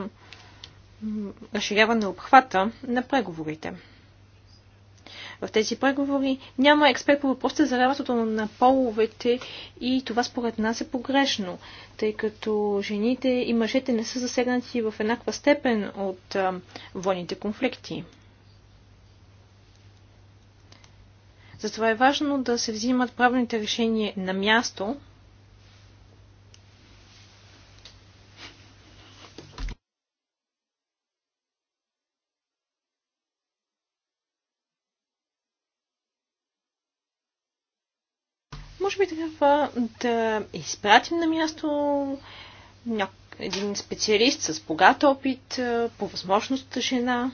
[SPEAKER 1] разширяване обхвата на преговорите. В тези преговори няма експерт по въпросите за равенството на половете и това според нас е погрешно, тъй като жените и мъжете не са засегнати в еднаква степен от военните конфликти. Затова е важно да се взимат правилните решения на място, би трябва да изпратим на място един специалист с богат опит, по възможност жена.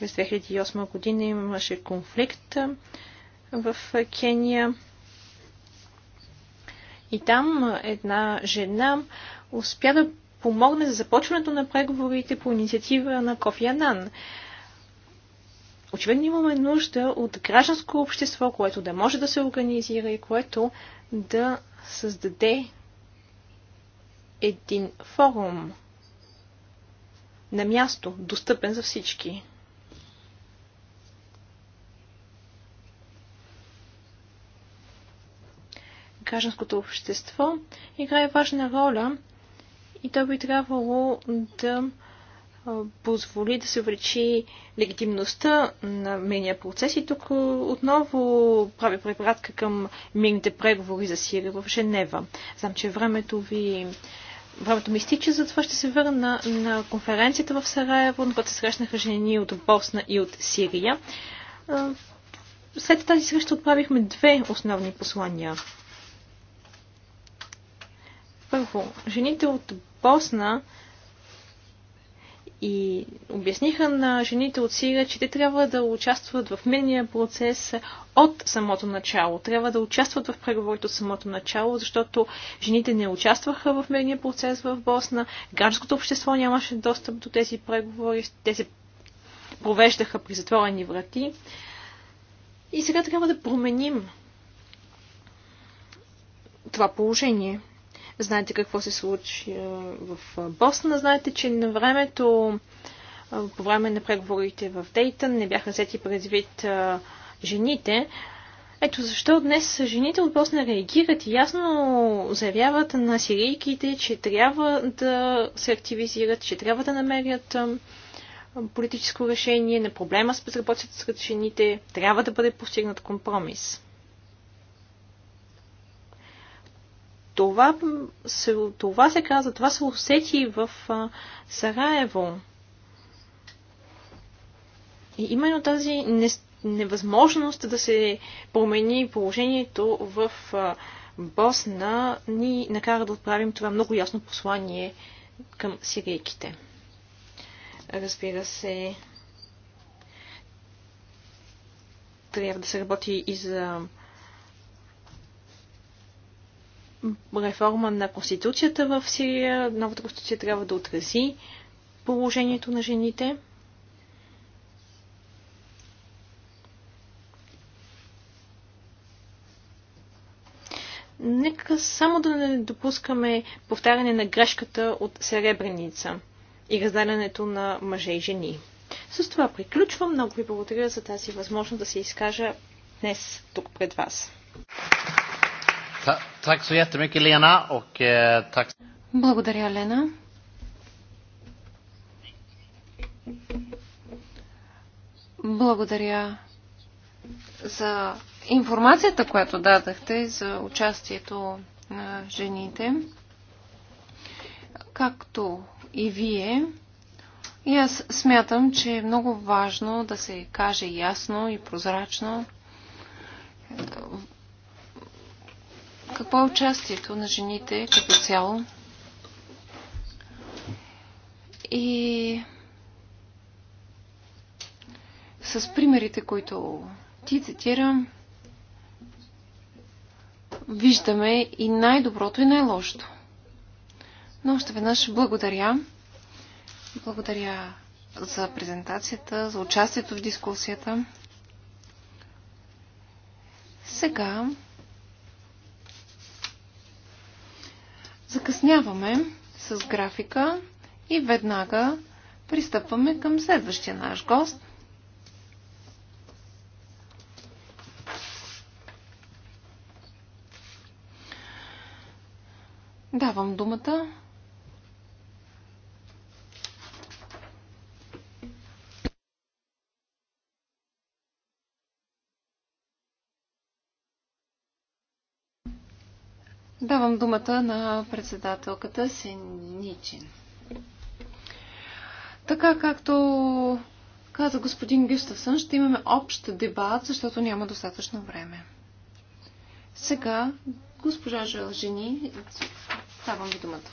[SPEAKER 1] През 2008 година имаше конфликт в Кения. И там една жена успя да помогне за започването на преговорите по инициатива на Кофи Анан. Очевидно имаме нужда от гражданско общество, което да може да се организира и което да създаде един форум на място, достъпен за всички. Гражданското общество играе важна роля и то би трябвало да позволи да се увеличи легитимността на мирния процес. И тук отново прави препратка към мирните преговори за Сирия в Женева. Знам, че времето ви времето ми стича, затова ще се върна на конференцията в Сараево, на която се срещнаха жени от Босна и от Сирия. След тази среща отправихме две основни послания. Първо, жените от Босна и обясниха на жените от Сирия, че те трябва да участват в мирния процес от самото начало. Трябва да участват в преговорите от самото начало, защото жените не участваха в мирния процес в Босна. Гражданското общество нямаше достъп до тези преговори. Те се провеждаха при затворени врати. И сега трябва да променим това положение. Знаете какво се случи в Босна. Знаете, че на времето, по време на преговорите в Дейтън, не бяха взети предвид жените. Ето защо днес жените от Босна реагират и ясно заявяват на сирийките, че трябва да се активизират, че трябва да намерят политическо решение на проблема с безработицата сред жените. Трябва да бъде постигнат компромис. това се, това се каза, това се усети в Сараево. И именно тази не, невъзможност да се промени положението в Босна ни накара да отправим това много ясно послание към сирийките. Разбира се, трябва да се работи и за реформа на Конституцията в Сирия. Новата Конституция трябва да отрази положението на жените. Нека само да не допускаме повтаряне на грешката от Серебреница и разделянето на мъже и жени. С това приключвам. Много ви благодаря за тази възможност да се изкажа днес тук пред вас. Tack så jättemycket Lena och eh, tack. Благодаря, Лена.
[SPEAKER 2] Благодаря за информацията, която дадахте за участието на жените. Както и вие, и аз смятам, че е много важно да се каже ясно и прозрачно какво е участието на жените като цяло? И с примерите, които ти цитирам, виждаме и най-доброто и най-лошото. Но още веднъж благодаря. Благодаря за презентацията, за участието в дискусията. Сега изясняваме с графика и веднага пристъпваме към следващия наш гост. Давам думата Давам думата на председателката ничин. Така както каза господин Гюставсън, ще имаме общ дебат, защото няма достатъчно време. Сега, госпожа Жалжини, давам ви думата.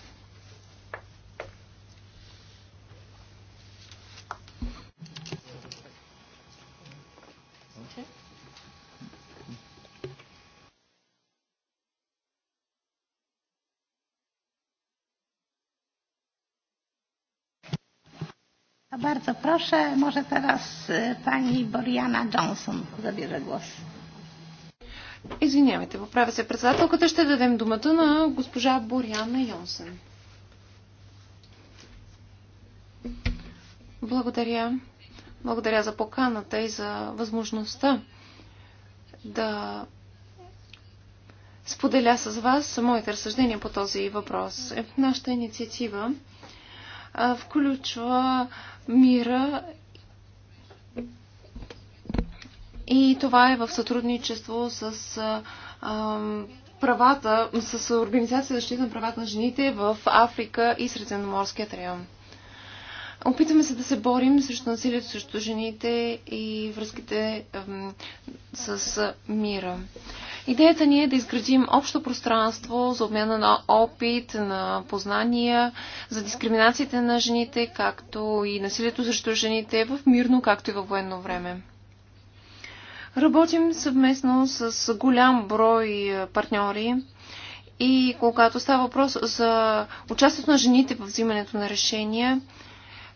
[SPEAKER 2] Bardzo proszę, może teraz e, pani Boriana Johnson zabierze głos. Извинявайте, поправя се председателката. Ще дадем думата на госпожа Бориана Йонсен. Благодаря. Благодаря за поканата и за възможността да споделя с вас моите разсъждения по този въпрос. Е, нашата инициатива включва мира и това е в сътрудничество с а, правата, с Организация за защита на правата на жените в Африка и Средиземноморският район. Опитваме се да се борим срещу насилието срещу жените и връзките а, с мира. Идеята ни е да изградим общо пространство за обмяна на опит, на познания, за дискриминациите на жените, както и насилието срещу жените в мирно, както и във военно време. Работим съвместно с голям брой партньори и когато става въпрос за участието на жените в взимането на решения,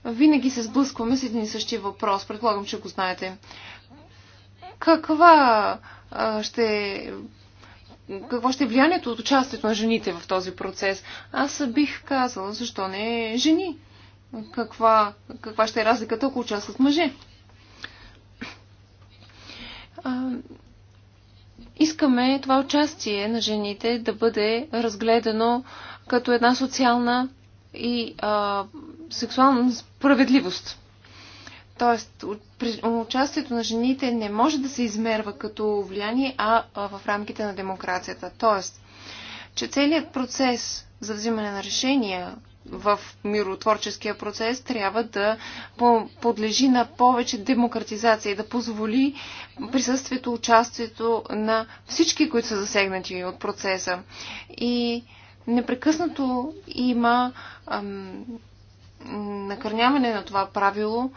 [SPEAKER 2] винаги се сблъскваме с един и същия въпрос. Предполагам, че го знаете. Каква ще какво ще е влиянието от участието на жените в този процес. Аз бих казала, защо не жени? Каква, каква ще е разликата, ако участват мъже? А, искаме това участие на жените да бъде разгледано като една социална и а, сексуална справедливост. Тоест, участието на жените не може да се измерва като влияние, а в рамките на демокрацията. Тоест, че целият процес за взимане на решения в миротворческия процес трябва да подлежи на повече демократизация и да позволи присъствието, участието на всички, които са засегнати от процеса. И непрекъснато има ам, накърняване на това правило,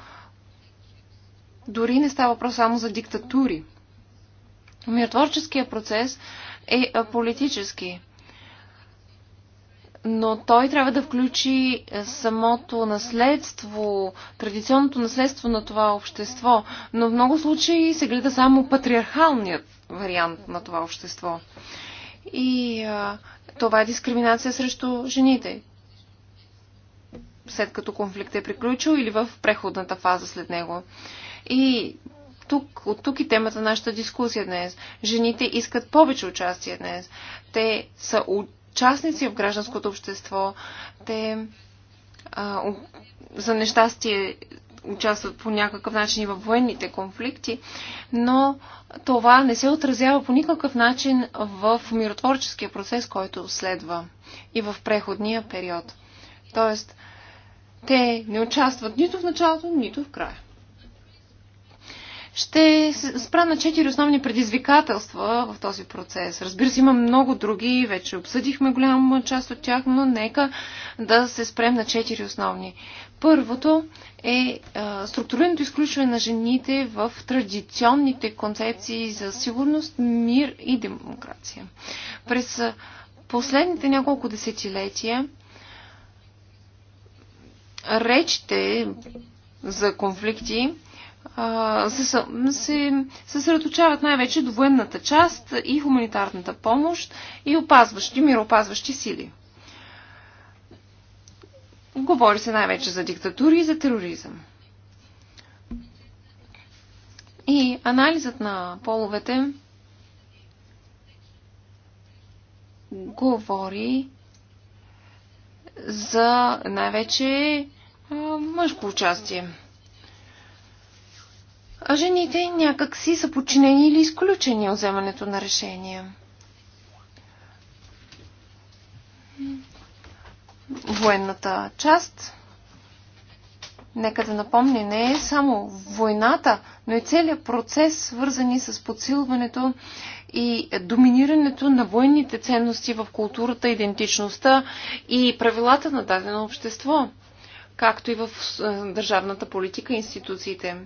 [SPEAKER 2] дори не става въпрос само за диктатури. Миротворческия процес е политически. Но той трябва да включи самото наследство, традиционното наследство на това общество. Но в много случаи се гледа само патриархалният вариант на това общество. И а, това е дискриминация срещу жените. След като конфликт е приключил или в преходната фаза след него. И тук, от тук и темата на нашата дискусия днес. Жените искат повече участие днес. Те са участници в гражданското общество. Те а, за нещастие участват по някакъв начин и във военните конфликти, но това не се отразява по никакъв начин в миротворческия процес, който следва и в преходния период. Тоест, те не участват нито в началото, нито в края. Ще спра на четири основни предизвикателства в този процес. Разбира се, има много други, вече обсъдихме голяма част от тях, но нека да се спрем на четири основни. Първото е а, е, структурното изключване на жените в традиционните концепции за сигурност, мир и демокрация. През последните няколко десетилетия речите за конфликти се, се съсредоточават най-вече до военната част и хуманитарната помощ и опазващи, мироопазващи сили. Говори се най-вече за диктатури и за тероризъм. И анализът на половете говори за най-вече мъжко участие а жените някак си са подчинени или изключени от вземането на решения. Военната част, нека да напомня, не е само войната, но и целият процес, свързани с подсилването и доминирането на военните ценности в културата, идентичността и правилата на дадено общество, както и в е, държавната политика и институциите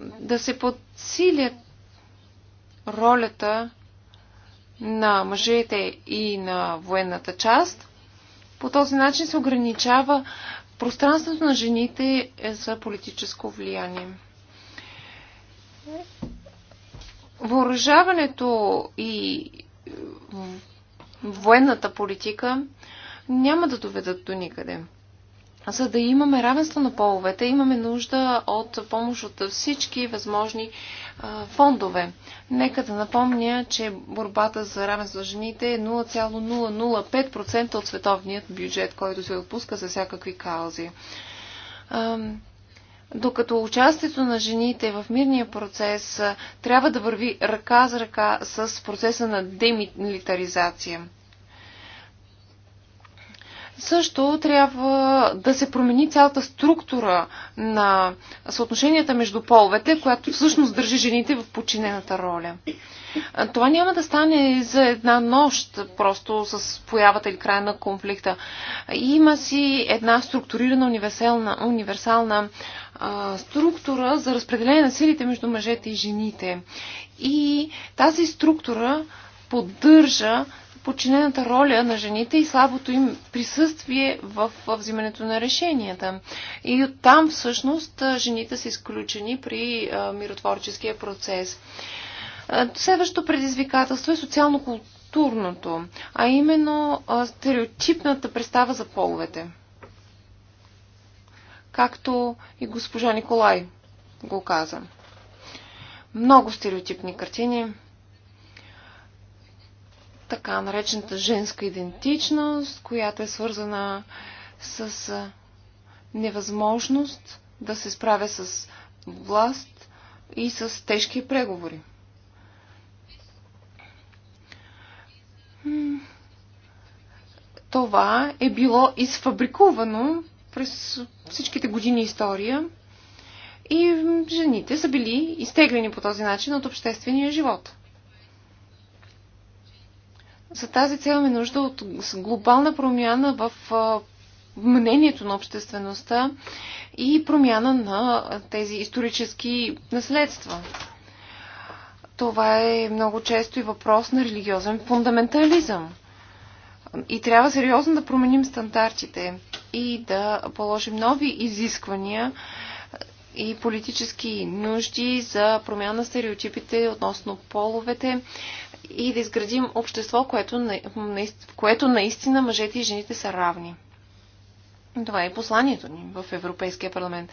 [SPEAKER 2] да се подсилят ролята на мъжете и на военната част. По този начин се ограничава пространството на жените за политическо влияние. Въоръжаването и военната политика няма да доведат до никъде за да имаме равенство на половете, имаме нужда от помощ от всички възможни а, фондове. Нека да напомня, че борбата за равенство на жените е 0,005% от световният бюджет, който се отпуска за всякакви каузи. А, докато участието на жените в мирния процес а, трябва да върви ръка за ръка с процеса на демилитаризация. Също трябва да се промени цялата структура на съотношенията между половете, която всъщност държи жените в подчинената роля. Това няма да стане за една нощ, просто с появата или края на конфликта. Има си една структурирана универсална, универсална а, структура за разпределение на силите между мъжете и жените. И тази структура поддържа подчинената роля на жените и слабото им присъствие в, в взимането на решенията. И оттам всъщност жените са изключени при а, миротворческия процес. Следващото предизвикателство е социално-културното, а именно а, стереотипната представа за половете. Както и госпожа Николай го каза. Много стереотипни картини, така наречената женска идентичност, която е свързана с невъзможност да се справя с власт и с тежки преговори. Това е било изфабрикувано през всичките години история и жените са били изтеглени по този начин от обществения живот. За тази цел ми нужда от глобална промяна в мнението на обществеността и промяна на тези исторически наследства. Това е много често и въпрос на религиозен фундаментализъм. И трябва сериозно да променим стандартите и да положим нови изисквания и политически нужди за промяна на стереотипите относно половете и да изградим общество, което, което наистина мъжете и жените са равни. Това е посланието ни в Европейския парламент.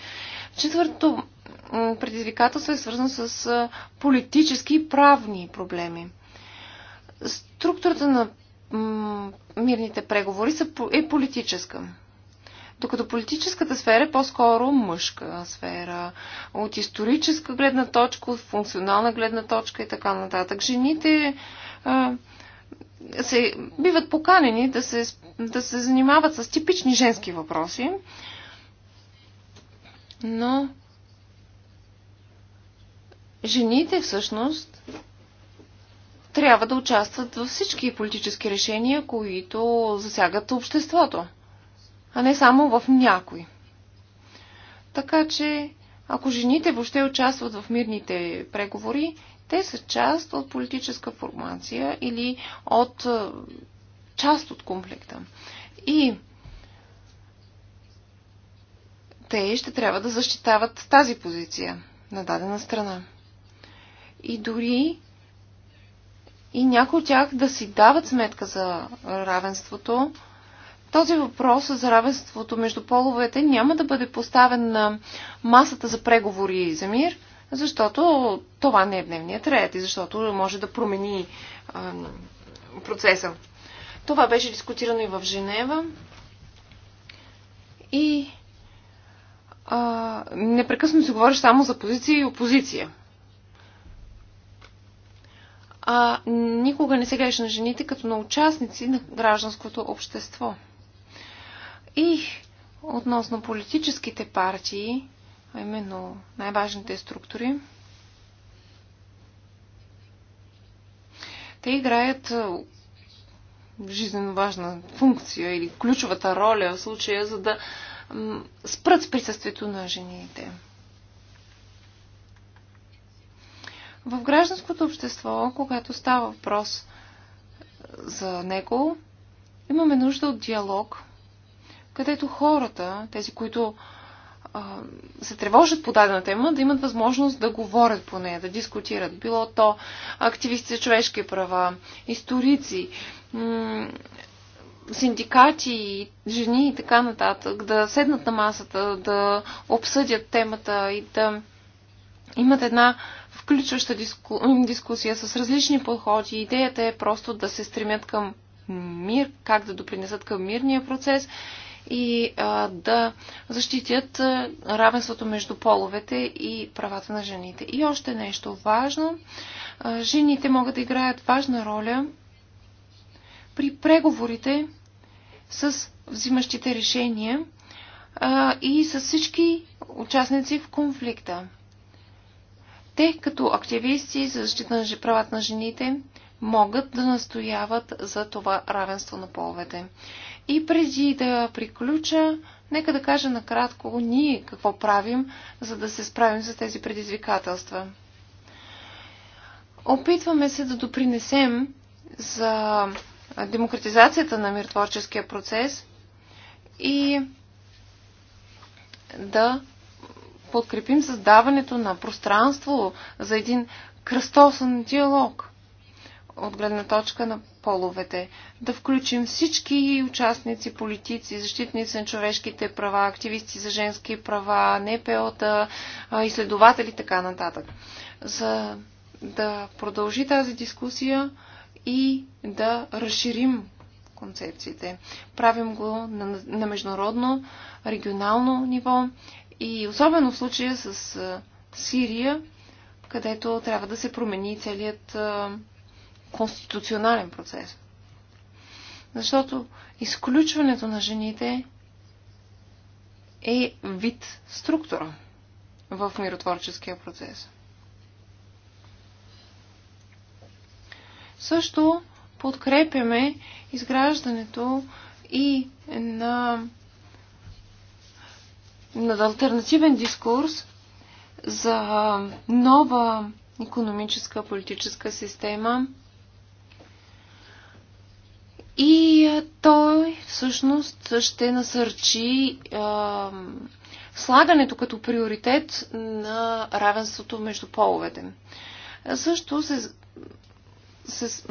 [SPEAKER 2] Четвърто предизвикателство е свързано с политически и правни проблеми. Структурата на мирните преговори е политическа. Докато политическата сфера е по-скоро мъжка сфера. От историческа гледна точка, от функционална гледна точка и така нататък. Жените а, се, биват поканени да се, да се занимават с типични женски въпроси. Но жените всъщност трябва да участват във всички политически решения, които засягат обществото а не само в някой. Така че, ако жените въобще участват в мирните преговори, те са част от политическа формация или от е, част от конфликта. И те ще трябва да защитават тази позиция на дадена страна. И дори и някои от тях да си дават сметка за равенството, този въпрос за равенството между половете няма да бъде поставен на масата за преговори за мир, защото това не е дневният ред и защото може да промени а, процеса. Това беше дискутирано и в Женева. И а, непрекъснато се говориш само за позиция и опозиция. А никога не се гледаш на жените като на участници на гражданското общество. И относно политическите партии, а именно най-важните структури, те играят жизненно важна функция или ключовата роля в случая, за да спрат с присъствието на жените. В гражданското общество, когато става въпрос за него, имаме нужда от диалог където хората, тези, които а, се тревожат по дадена тема, да имат възможност да говорят по нея, да дискутират. Било то активисти за човешки права, историци, синдикати, жени и така нататък, да седнат на масата, да обсъдят темата и да имат една включваща диску... дискусия с различни подходи. Идеята е просто да се стремят към мир, как да допринесат към мирния процес и а, да защитят равенството между половете и правата на жените. И още нещо важно. А, жените могат да играят важна роля при преговорите с взимащите решения а, и с всички участници в конфликта. Те, като активисти за защита на правата на жените, могат да настояват за това равенство на половете. И преди да приключа, нека да кажа накратко ние какво правим, за да се справим с тези предизвикателства. Опитваме се да допринесем за демократизацията на миротворческия процес и да подкрепим създаването на пространство за един кръстосан диалог – от гледна точка на половете. Да включим всички участници, политици, защитници на човешките права, активисти за женски права, НПО-та, изследователи, така нататък. За да продължи тази дискусия и да разширим концепциите. Правим го на, на международно, регионално ниво и особено в случая с Сирия, където трябва да се промени целият конституционален процес. Защото изключването на жените е вид структура в миротворческия процес. Също подкрепяме изграждането и на, на альтернативен дискурс за нова економическа, политическа система, и той всъщност ще насърчи а, слагането като приоритет на равенството между половете. Също се, се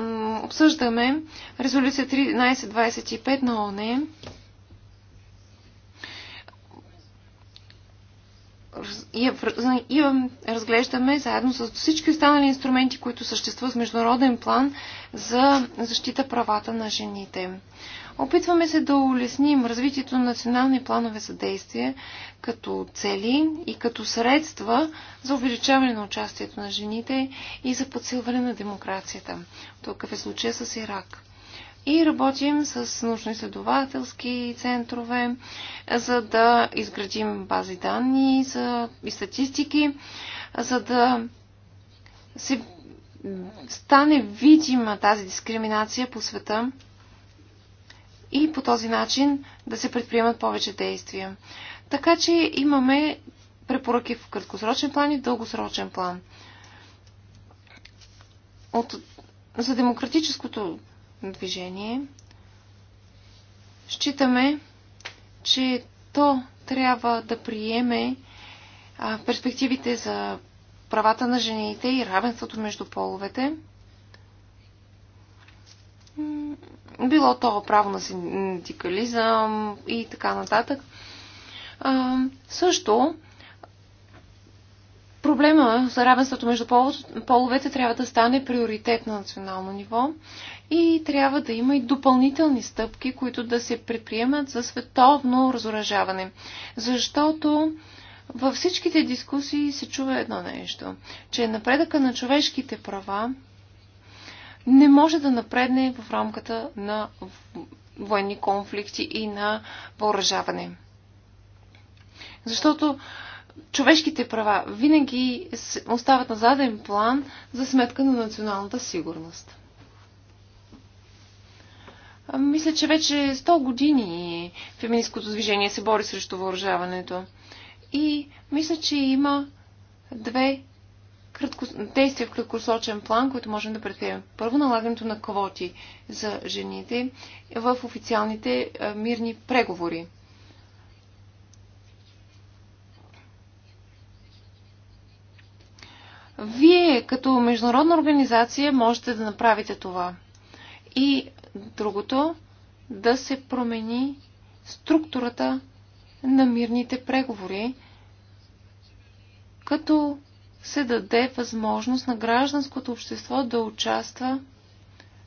[SPEAKER 2] обсъждаме резолюция 1325 на ОНЕ и я, я разглеждаме заедно с всички останали инструменти, които съществуват в международен план за защита правата на жените. Опитваме се да улесним развитието на национални планове за действие като цели и като средства за увеличаване на участието на жените и за подсилване на демокрацията. Тук е случая с Ирак и работим с научно-изследователски центрове, за да изградим бази данни за, и статистики, за да се стане видима тази дискриминация по света и по този начин да се предприемат повече действия. Така че имаме препоръки в краткосрочен план и в дългосрочен план. От, за демократическото движение. Считаме, че то трябва да приеме а, перспективите за правата на жените и равенството между половете. Било то право на синдикализъм и така нататък. А, също Проблема за равенството между половете трябва да стане приоритет на национално ниво и трябва да има и допълнителни стъпки, които да се предприемат за световно разоръжаване. Защото във всичките дискусии се чува едно нещо, че напредъка на човешките права не може да напредне в рамката на военни конфликти и на въоръжаване. Защото човешките права винаги остават на заден план за сметка на националната сигурност. Мисля, че вече 100 години феминистското движение се бори срещу въоръжаването. И мисля, че има две кратко... действия в краткосрочен план, които можем да предприемем. Първо, налагането на квоти за жените в официалните мирни преговори. Вие като международна организация можете да направите това. И другото, да се промени структурата на мирните преговори, като се даде възможност на гражданското общество да участва,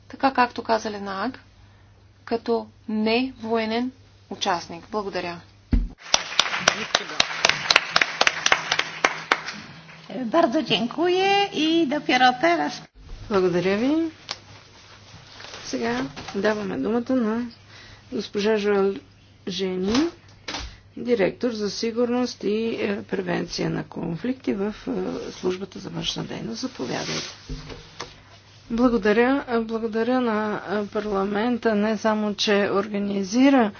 [SPEAKER 2] така както каза Ленаг, като не военен участник. Благодаря. Никога. Bardzo dziękuję i dopiero
[SPEAKER 3] teraz. Благодаря ви. Сега даваме думата на госпожа Жоел Жени, директор за сигурност и е, превенция на конфликти в е, службата за външна дейност. Заповядайте. Благодаря. Благодаря на е, парламента не само, че организира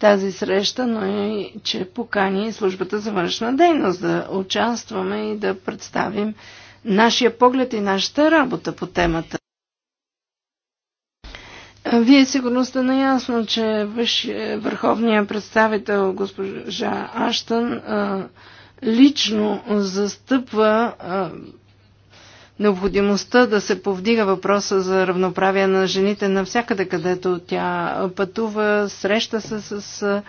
[SPEAKER 3] тази среща, но и е, че покани службата за външна дейност да участваме и да представим нашия поглед и нашата работа по темата. Вие сигурно сте наясно, че върховният представител госпожа Аштън лично застъпва необходимостта да се повдига въпроса за равноправие на жените навсякъде, където тя пътува, среща се с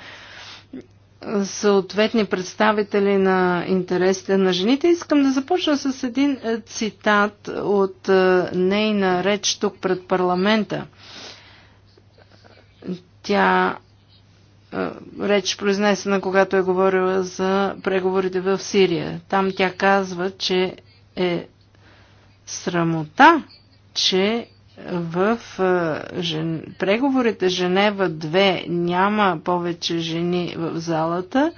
[SPEAKER 3] съответни представители на интересите на жените. Искам да започна с един цитат от е, нейна реч тук пред парламента. Тя е, реч произнесена, когато е говорила за преговорите в Сирия. Там тя казва, че е срамота, че в жен... преговорите Женева 2 няма повече жени в залата,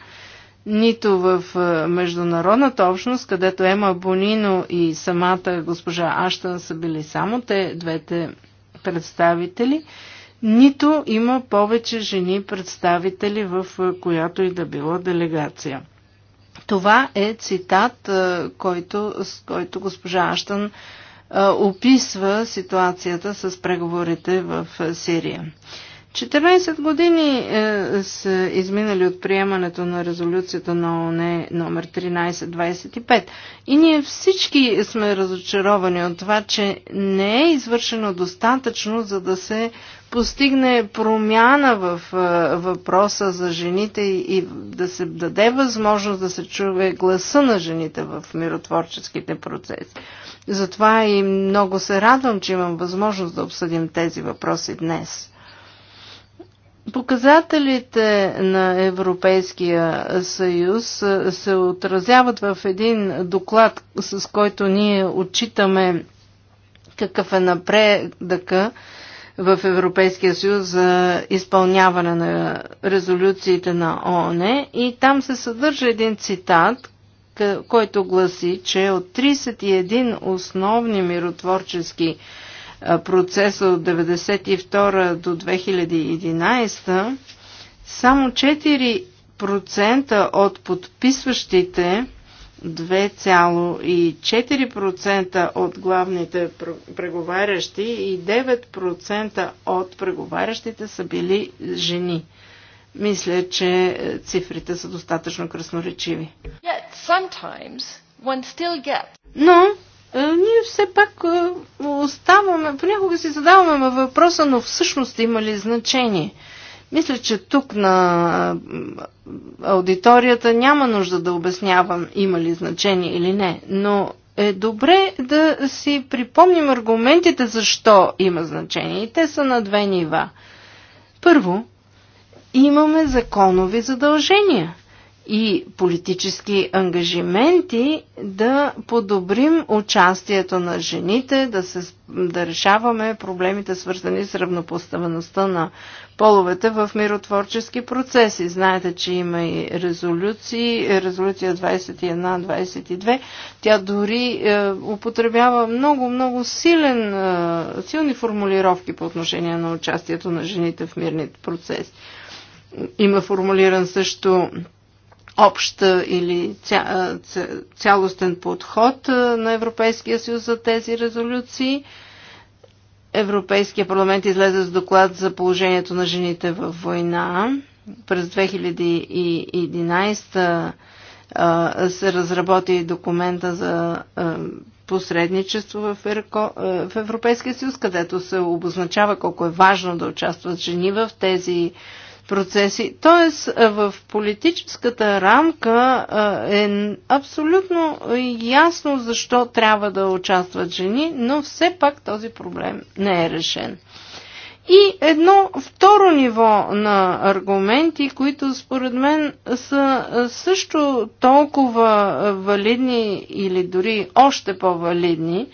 [SPEAKER 3] нито в международната общност, където Ема Бонино и самата госпожа Аштан са били само те двете представители, нито има повече жени представители в която и да било делегация. Това е цитат, е, който, с който госпожа Аштън е, описва ситуацията с преговорите в е, Сирия. 14 години е, са изминали от приемането на резолюцията на ОНЕ номер 1325 и ние всички сме разочаровани от това, че не е извършено достатъчно, за да се постигне промяна в е, въпроса за жените и, и да се даде възможност да се чуе гласа на жените в миротворческите процеси. Затова и много се радвам, че имам възможност да обсъдим тези въпроси днес. Показателите на Европейския съюз се отразяват в един доклад, с който ние отчитаме какъв е напредъка в Европейския съюз за изпълняване на резолюциите на ООН и там се съдържа един цитат, който гласи, че от 31 основни миротворчески процеса от 1992 до 2011, само 4% от подписващите 2,4% от главните преговарящи и 9% от преговарящите са били жени. Мисля, че е, цифрите са достатъчно красноречиви. Но е, ние все пак е, оставаме, понякога си задаваме въпроса, но всъщност има ли значение? Мисля, че тук на е, аудиторията няма нужда да обяснявам има ли значение или не, но е добре да си припомним аргументите защо има значение. И те са на две нива. Първо, имаме законови задължения и политически ангажименти да подобрим участието на жените, да, се, да решаваме проблемите свързани с равнопоставеността на половете в миротворчески процеси. Знаете, че има и резолюции, резолюция 21-22. Тя дори е, употребява много, много силен, е, силни формулировки по отношение на участието на жените в мирните процеси. Има формулиран също общ или ця, цялостен подход на Европейския съюз за тези резолюции. Европейския парламент излезе с доклад за положението на жените във война. През 2011 се разработи документа за посредничество в, Ерко, в Европейския съюз, където се обозначава колко е важно да участват жени в тези процеси. Тоест, в политическата рамка е абсолютно ясно защо трябва да участват жени, но все пак този проблем не е решен. И едно второ ниво на аргументи, които според мен са също толкова валидни или дори още по-валидни,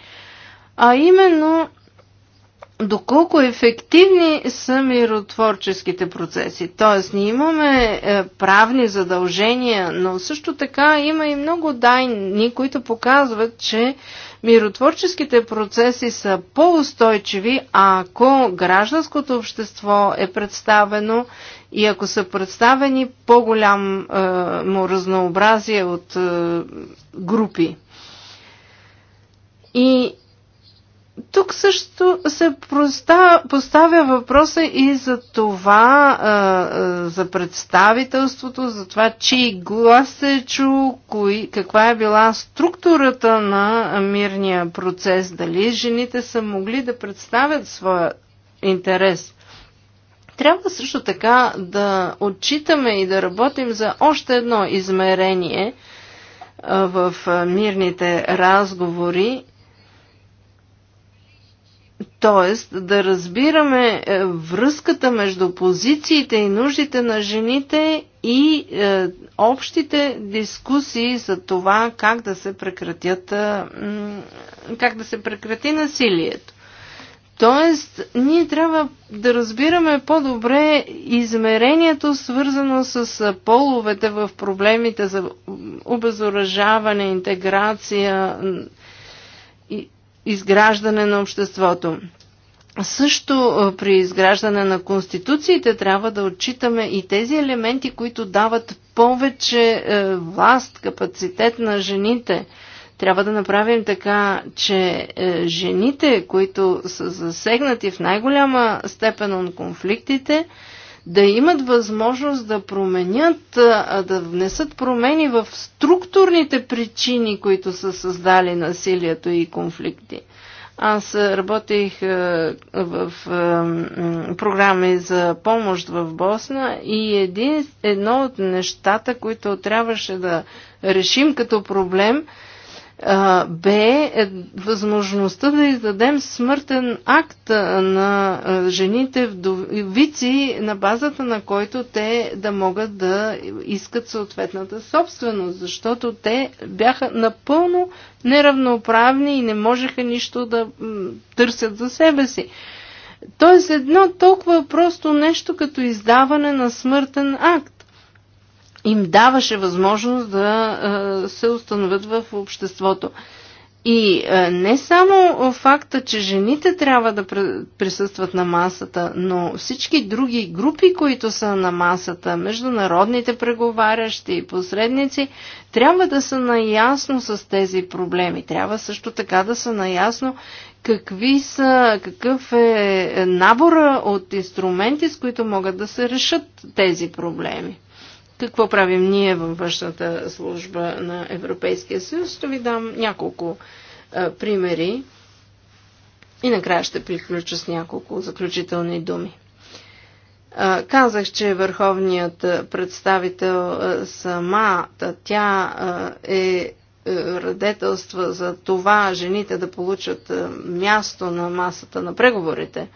[SPEAKER 3] а именно доколко ефективни са миротворческите процеси. Тоест, ние имаме е, правни задължения, но също така има и много дайни, които показват, че миротворческите процеси са по-устойчиви, ако гражданското общество е представено и ако са представени по-голямо е, разнообразие от е, групи. И тук също се поставя въпроса и за това, за представителството, за това, чий глас се чу, каква е била структурата на мирния процес, дали жените са могли да представят своя интерес. Трябва също така да отчитаме и да работим за още едно измерение в мирните разговори – Тоест да разбираме е, връзката между позициите и нуждите на жените и е, общите дискусии за това как да се прекратят, е, как да се прекрати насилието. Тоест, ние трябва да разбираме по-добре измерението, свързано с е, половете в проблемите за обезоръжаване, интеграция, изграждане на обществото. Също при изграждане на конституциите трябва да отчитаме и тези елементи, които дават повече е, власт, капацитет на жените. Трябва да направим така, че е, жените, които са засегнати в най-голяма степен от конфликтите, да имат възможност да променят, да внесат промени в структурните причини, които са създали насилието и конфликти. Аз работих в програми за помощ в Босна и един, едно от нещата, които трябваше да решим като проблем – бе възможността да издадем смъртен акт на жените вдовици, на базата на който те да могат да искат съответната собственост, защото те бяха напълно неравноправни и не можеха нищо да търсят за себе си. Тоест едно толкова просто нещо като издаване на смъртен акт им даваше възможност да се установят в обществото. И не само факта, че жените трябва да присъстват на масата, но всички други групи, които са на масата, международните преговарящи и посредници, трябва да са наясно с тези проблеми. Трябва също така да са наясно какви са, какъв е набора от инструменти, с които могат да се решат тези проблеми какво правим ние във външната служба на Европейския съюз. Ще ви дам няколко а, е, примери и накрая ще приключа с няколко заключителни думи. А, е, казах, че върховният представител е, а, та, тя а, е радетелства за това жените да получат място на масата на преговорите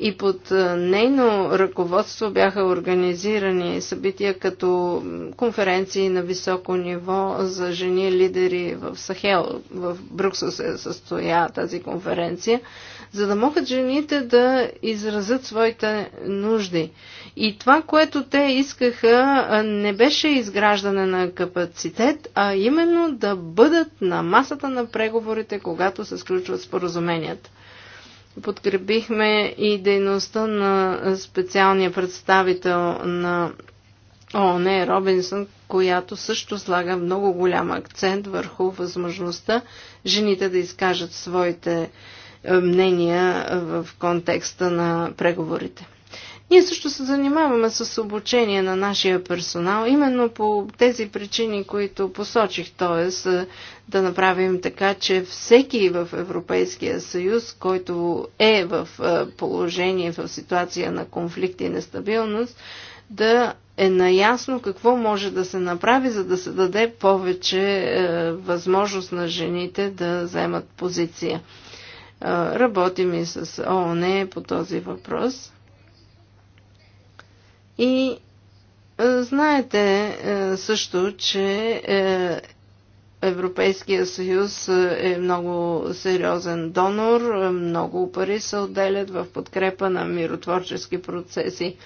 [SPEAKER 3] и под нейно ръководство бяха организирани събития като конференции на високо ниво за жени лидери в Сахел. В Брюксел се състоя тази конференция, за да могат жените да изразят своите нужди. И това, което те искаха, не беше изграждане на капацитет, а именно да бъдат на масата на преговорите, когато се сключват споразуменията. Подкрепихме и дейността на специалния представител на ООН Робинсън, която също слага много голям акцент върху възможността жените да изкажат своите е, мнения в контекста на преговорите. Ние също се занимаваме с обучение на нашия персонал, именно по тези причини, които посочих, т.е. да направим така, че всеки в Европейския съюз, който е в положение, в ситуация на конфликт и нестабилност, да е наясно какво може да се направи, за да се даде повече възможност на жените да вземат позиция. работим и с ООН по този въпрос. И е, знаете е, също, че е, Европейския съюз е много сериозен донор, много пари се отделят в подкрепа на миротворчески процеси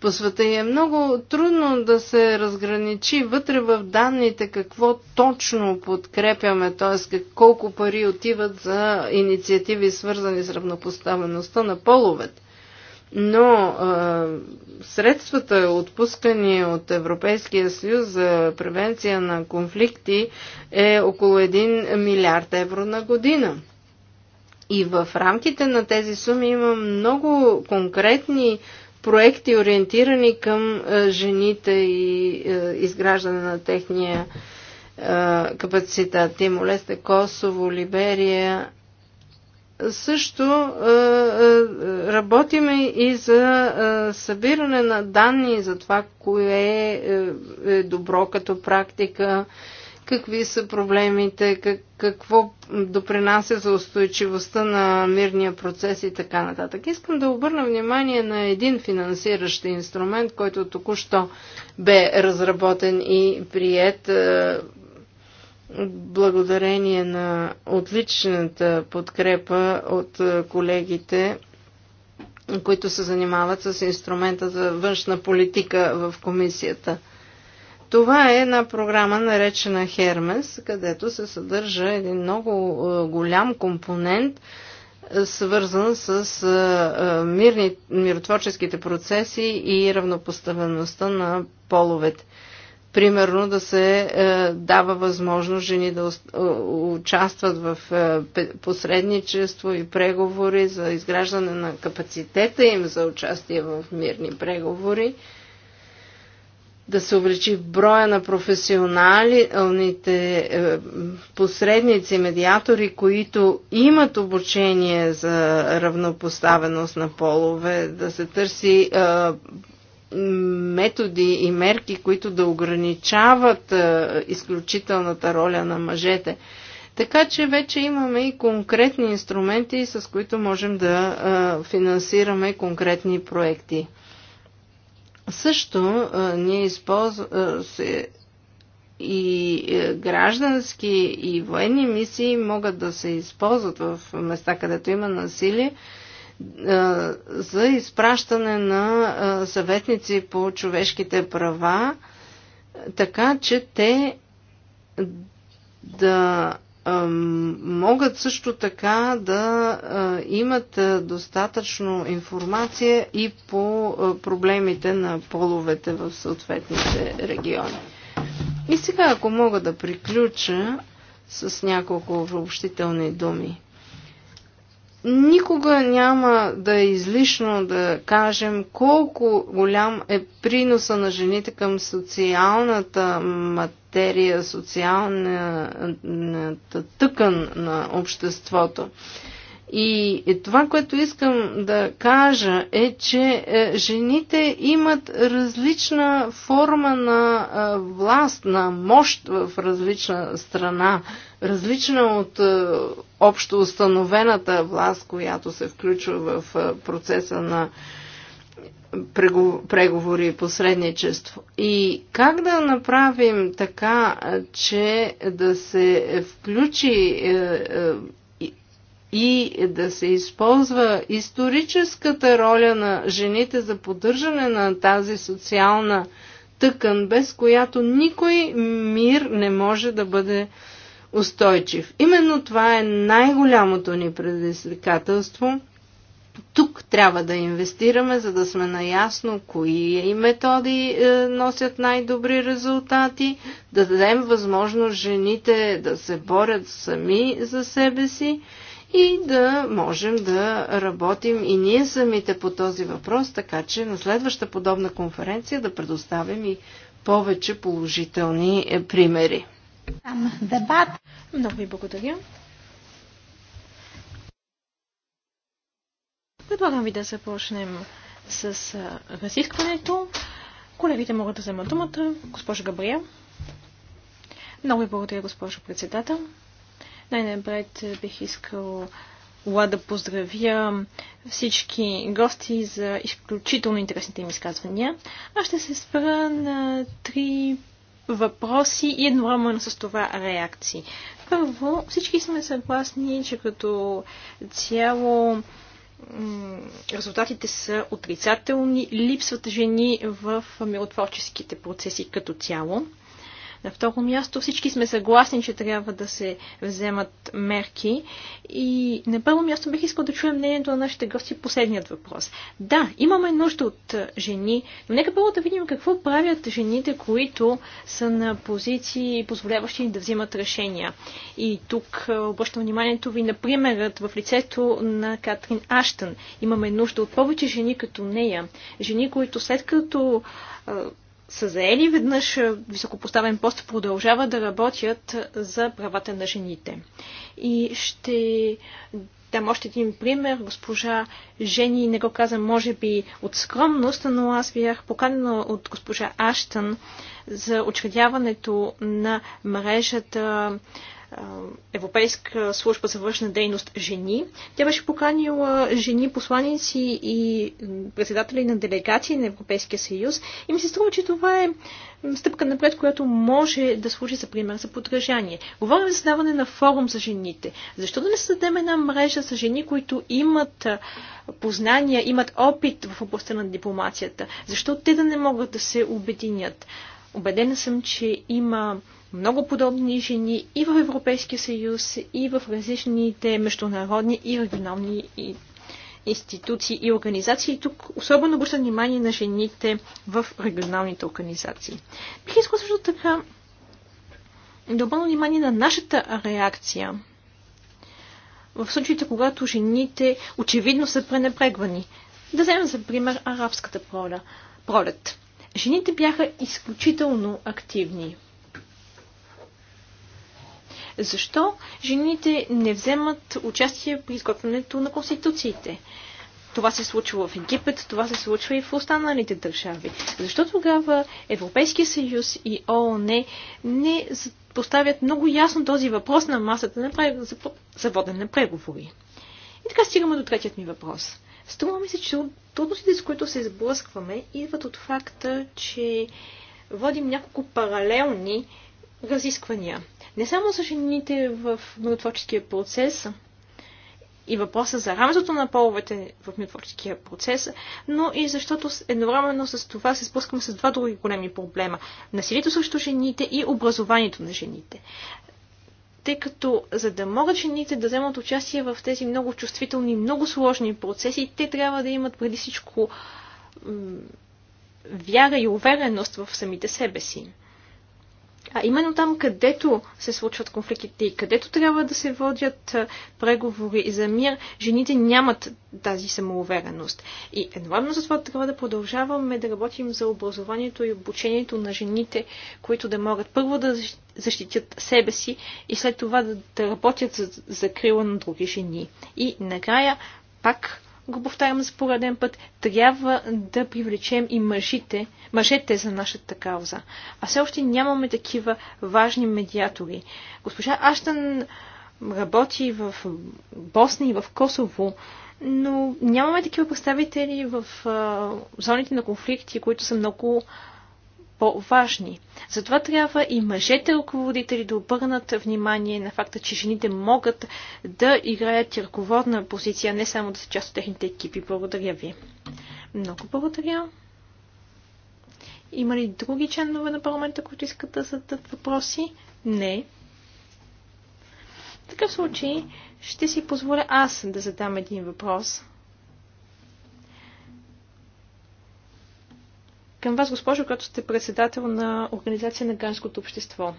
[SPEAKER 3] по света и е много трудно да се разграничи вътре в данните какво точно подкрепяме, т.е. колко пари отиват за инициативи свързани с равнопоставеността на половете но а, средствата, отпускани от Европейския съюз за превенция на конфликти, е около 1 милиард евро на година. И в рамките на тези суми има много конкретни проекти, ориентирани към а, жените и а, изграждане на техния а, капацитет. Тимолесте, Косово, Либерия, също е, е, работиме и за е, събиране на данни за това, кое е добро като практика, какви са проблемите, как, какво допринася за устойчивостта на мирния процес и така нататък. Искам да обърна внимание на един финансиращ инструмент, който току-що бе разработен и прият благодарение на отличната подкрепа от е, колегите, които се занимават с инструмента за външна политика в комисията. Това е една програма наречена Хермес, където се съдържа един много е, голям компонент, свързан с е, мирни, миротворческите процеси и равнопоставеността на половете примерно да се е, дава възможност жени да участват в е, посредничество и преговори за изграждане на капацитета им за участие в мирни преговори, да се увеличи броя на професионалните е, посредници, медиатори, които имат обучение за равнопоставеност на полове, да се търси е, методи и мерки, които да ограничават изключителната роля на мъжете. Така че вече имаме и конкретни инструменти, с които можем да финансираме конкретни проекти. Също ние използваме и граждански и военни мисии могат да се използват в места, където има насилие, е, за изпращане на е, съветници по човешките права, така че те да е, могат също така да имат достатъчно информация и по проблемите на половете в съответните региони. И сега, ако мога да приключа с няколко въобщителни думи. Никога няма да е излишно да кажем колко голям е приноса на жените към социалната материя, социалната тъкан на обществото. И това, което искам да кажа е, че е, жените имат различна форма на е, власт, на мощ в различна страна различна от е, общо установената власт, която се включва в е, процеса на преговори и посредничество. И как да направим така, е, че да се включи и да се използва историческата роля на жените за поддържане на тази социална тъкан, без която никой мир не може да бъде устойчив. Именно това е най-голямото ни предизвикателство. Тук трябва да инвестираме, за да сме наясно кои методи е, носят най-добри резултати, да дадем възможност жените да се борят сами за себе си и да можем да работим и ние самите по този въпрос, така че на следваща подобна конференция да предоставим и повече положителни е, примери.
[SPEAKER 1] Дебат. Много ви благодаря. Предлагам ви да започнем с разискването. Колегите могат да вземат думата. Госпожа Габрия. Много ви благодаря, госпожо председател. Най-напред бих искал Ла да поздравя всички гости за изключително интересните им изказвания. Аз ще се спра на три въпроси и едновременно с това реакции. Първо, всички сме съгласни, че като цяло резултатите са отрицателни, липсват жени в миротворческите процеси като цяло. На второ място всички сме съгласни, че трябва да се вземат мерки. И на първо място бих искал да чуя мнението на нашите гости последният въпрос. Да, имаме нужда от жени, но нека първо да видим какво правят жените, които са на позиции, позволяващи да взимат решения. И тук обръщам вниманието ви на примерът в лицето на Катрин Аштън. Имаме нужда от повече жени като нея. Жени, които след като са заели веднъж е, високопоставен пост, продължават да работят за правата на жените. И ще дам още един пример. Госпожа Жени не го каза, може би, от скромност, но аз бях поканена от госпожа Аштън за учредяването на мрежата Европейска служба за външна дейност жени. Тя беше поканила жени, посланици и председатели на делегации на Европейския съюз. И ми се струва, че това е стъпка напред, която може да служи за пример за подражание. Говорим за създаване на форум за жените. Защо да не създадем една мрежа за жени, които имат познания, имат опит в областта на дипломацията? Защо те да не могат да се обединят? Обедена съм, че има много подобни жени и в Европейския съюз, и в различните международни и регионални институции и организации. Тук особено обръща внимание на жените в регионалните организации. Бих искал също така да обърна внимание на нашата реакция в случаите, когато жените очевидно са пренебрегвани. Да вземем за пример арабската пролет. Жените бяха изключително активни. Защо жените не вземат участие при изготвянето на конституциите? Това се случва в Египет, това се случва и в останалите държави. Защо тогава Европейския съюз и ООН не поставят много ясно този въпрос на масата на прег... за водене на преговори? И така стигаме до третият ми въпрос. Струва ми се, че трудностите, с които се сблъскваме, идват от факта, че водим няколко паралелни разисквания. Не само за жените в миротворческия процес и въпроса за рамзото на половете в миротворческия процес, но и защото едновременно с това се спускаме с два други големи проблема. Насилието срещу жените и образованието на жените тъй като за да могат жените да вземат участие в тези много чувствителни, много сложни процеси, те трябва да имат преди всичко вяра и увереност в самите себе си. А именно там, където се случват конфликтите и където трябва да се водят преговори за мир, жените нямат тази самоувереност. И едновременно за това трябва да продължаваме да работим за образованието и обучението на жените, които да могат първо да защитят себе си и след това да, да работят за закрила на други жени. И накрая пак го повтарям за пореден път, трябва да привлечем и мъжите, мъжете за нашата кауза. А все още нямаме такива важни медиатори. Госпожа Аштан работи в Босна и в Косово, но нямаме такива представители в а, зоните на конфликти, които са много по-важни. Затова трябва и мъжете ръководители да обърнат внимание на факта, че жените могат да играят и ръководна позиция, не само да са част от техните екипи. Благодаря ви. Много благодаря. Има ли други членове на парламента, които искат да зададат въпроси? Не. В такъв случай ще си позволя аз да задам един въпрос. към вас, госпожо, като сте председател на Организация на ганското общество.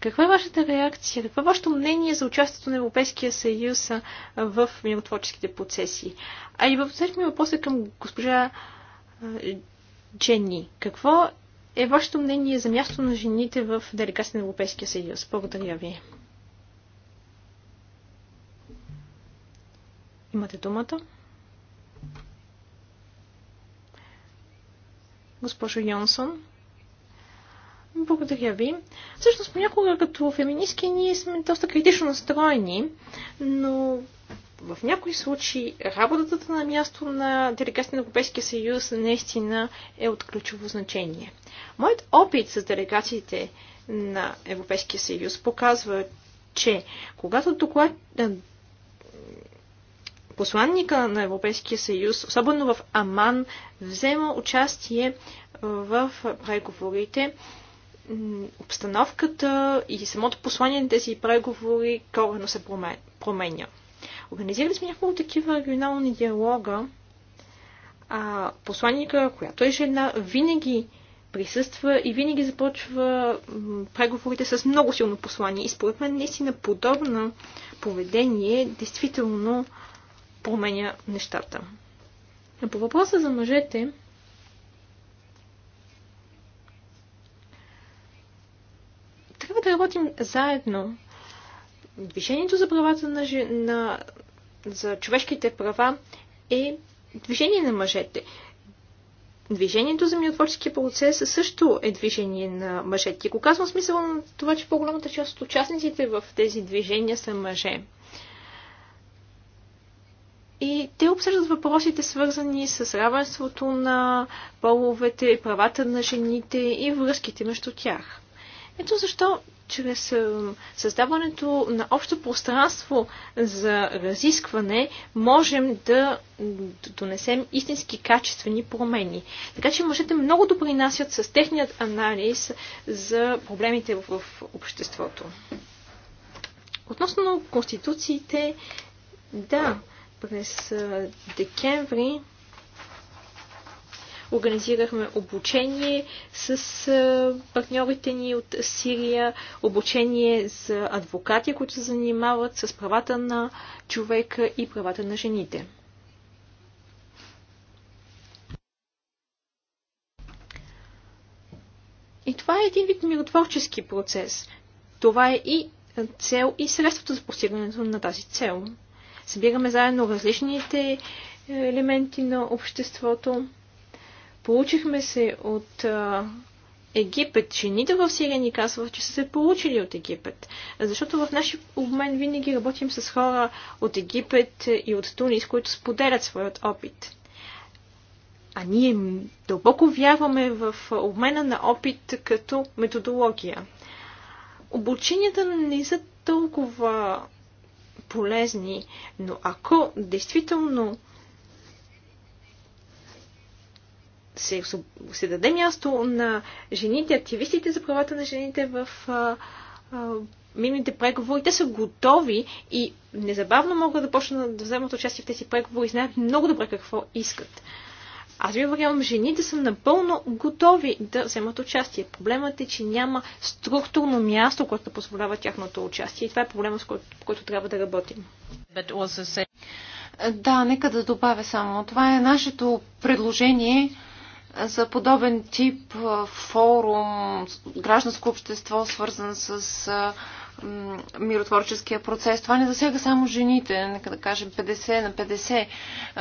[SPEAKER 1] Каква е вашата реакция? Какво е вашето мнение за участието на Европейския съюз в миротворческите процеси? А и въпросът ми въпрос е към госпожа Джени. Какво е вашето мнение за място на жените в делегация на Европейския съюз? Благодаря ви. Имате думата. госпожо Йонсон. Благодаря ви. Всъщност, понякога като феминистки ние сме доста критично настроени, но в някои случаи работата на място на делегация на Европейския съюз наистина е от ключово значение. Моят опит с делегациите на Европейския съюз показва, че когато доклад, посланника на Европейския съюз, особено в Аман, взема участие в преговорите. Обстановката и самото послание на тези преговори корено се променя. Организирали сме няколко такива регионални диалога, а посланника, която е жена, винаги присъства и винаги започва преговорите с много силно послание. И според мен наистина подобно поведение действително променя нещата. А по въпроса за мъжете, трябва да работим заедно. Движението за правата на, на за човешките права е движение на мъжете. Движението за миротворческия процес също е движение на мъжете. Ако казвам смисъл на това, че по-голямата част от участниците в тези движения са мъже. И те обсъждат въпросите, свързани с равенството на половете, правата на жените и връзките между тях. Ето защо чрез е, създаването на общо пространство за разискване можем да донесем истински качествени промени. Така че мъжете много допринасят с техният анализ за проблемите в обществото. Относно конституциите, да, през декември организирахме обучение с партньорите ни от Сирия, обучение за адвокати, които се занимават с правата на човека и правата на жените. И това е един вид миротворчески процес. Това е и цел и средството за постигането на тази цел събираме заедно различните елементи на обществото. Получихме се от Египет. Жените в Сирия ни казват, че са се получили от Египет. Защото в нашия обмен винаги работим с хора от Египет и от Тунис, които споделят своят опит. А ние дълбоко вярваме в обмена на опит като методология. Обученията не са толкова полезни, но ако действително се, се даде място на жените, активистите за правата на жените в а, а, минните преговори, те са готови и незабавно могат да почнат да вземат участие в тези преговори и знаят много добре какво искат. Аз ви уверявам, жените са напълно готови да вземат участие. Проблемът е, че няма структурно място, което да позволява тяхното участие. И това е проблема, с който, който трябва да работим.
[SPEAKER 2] Да, нека да добавя само. Това е нашето предложение за подобен тип форум, гражданско общество, свързан с миротворческия процес. Това не засяга само жените, нека да кажем 50 на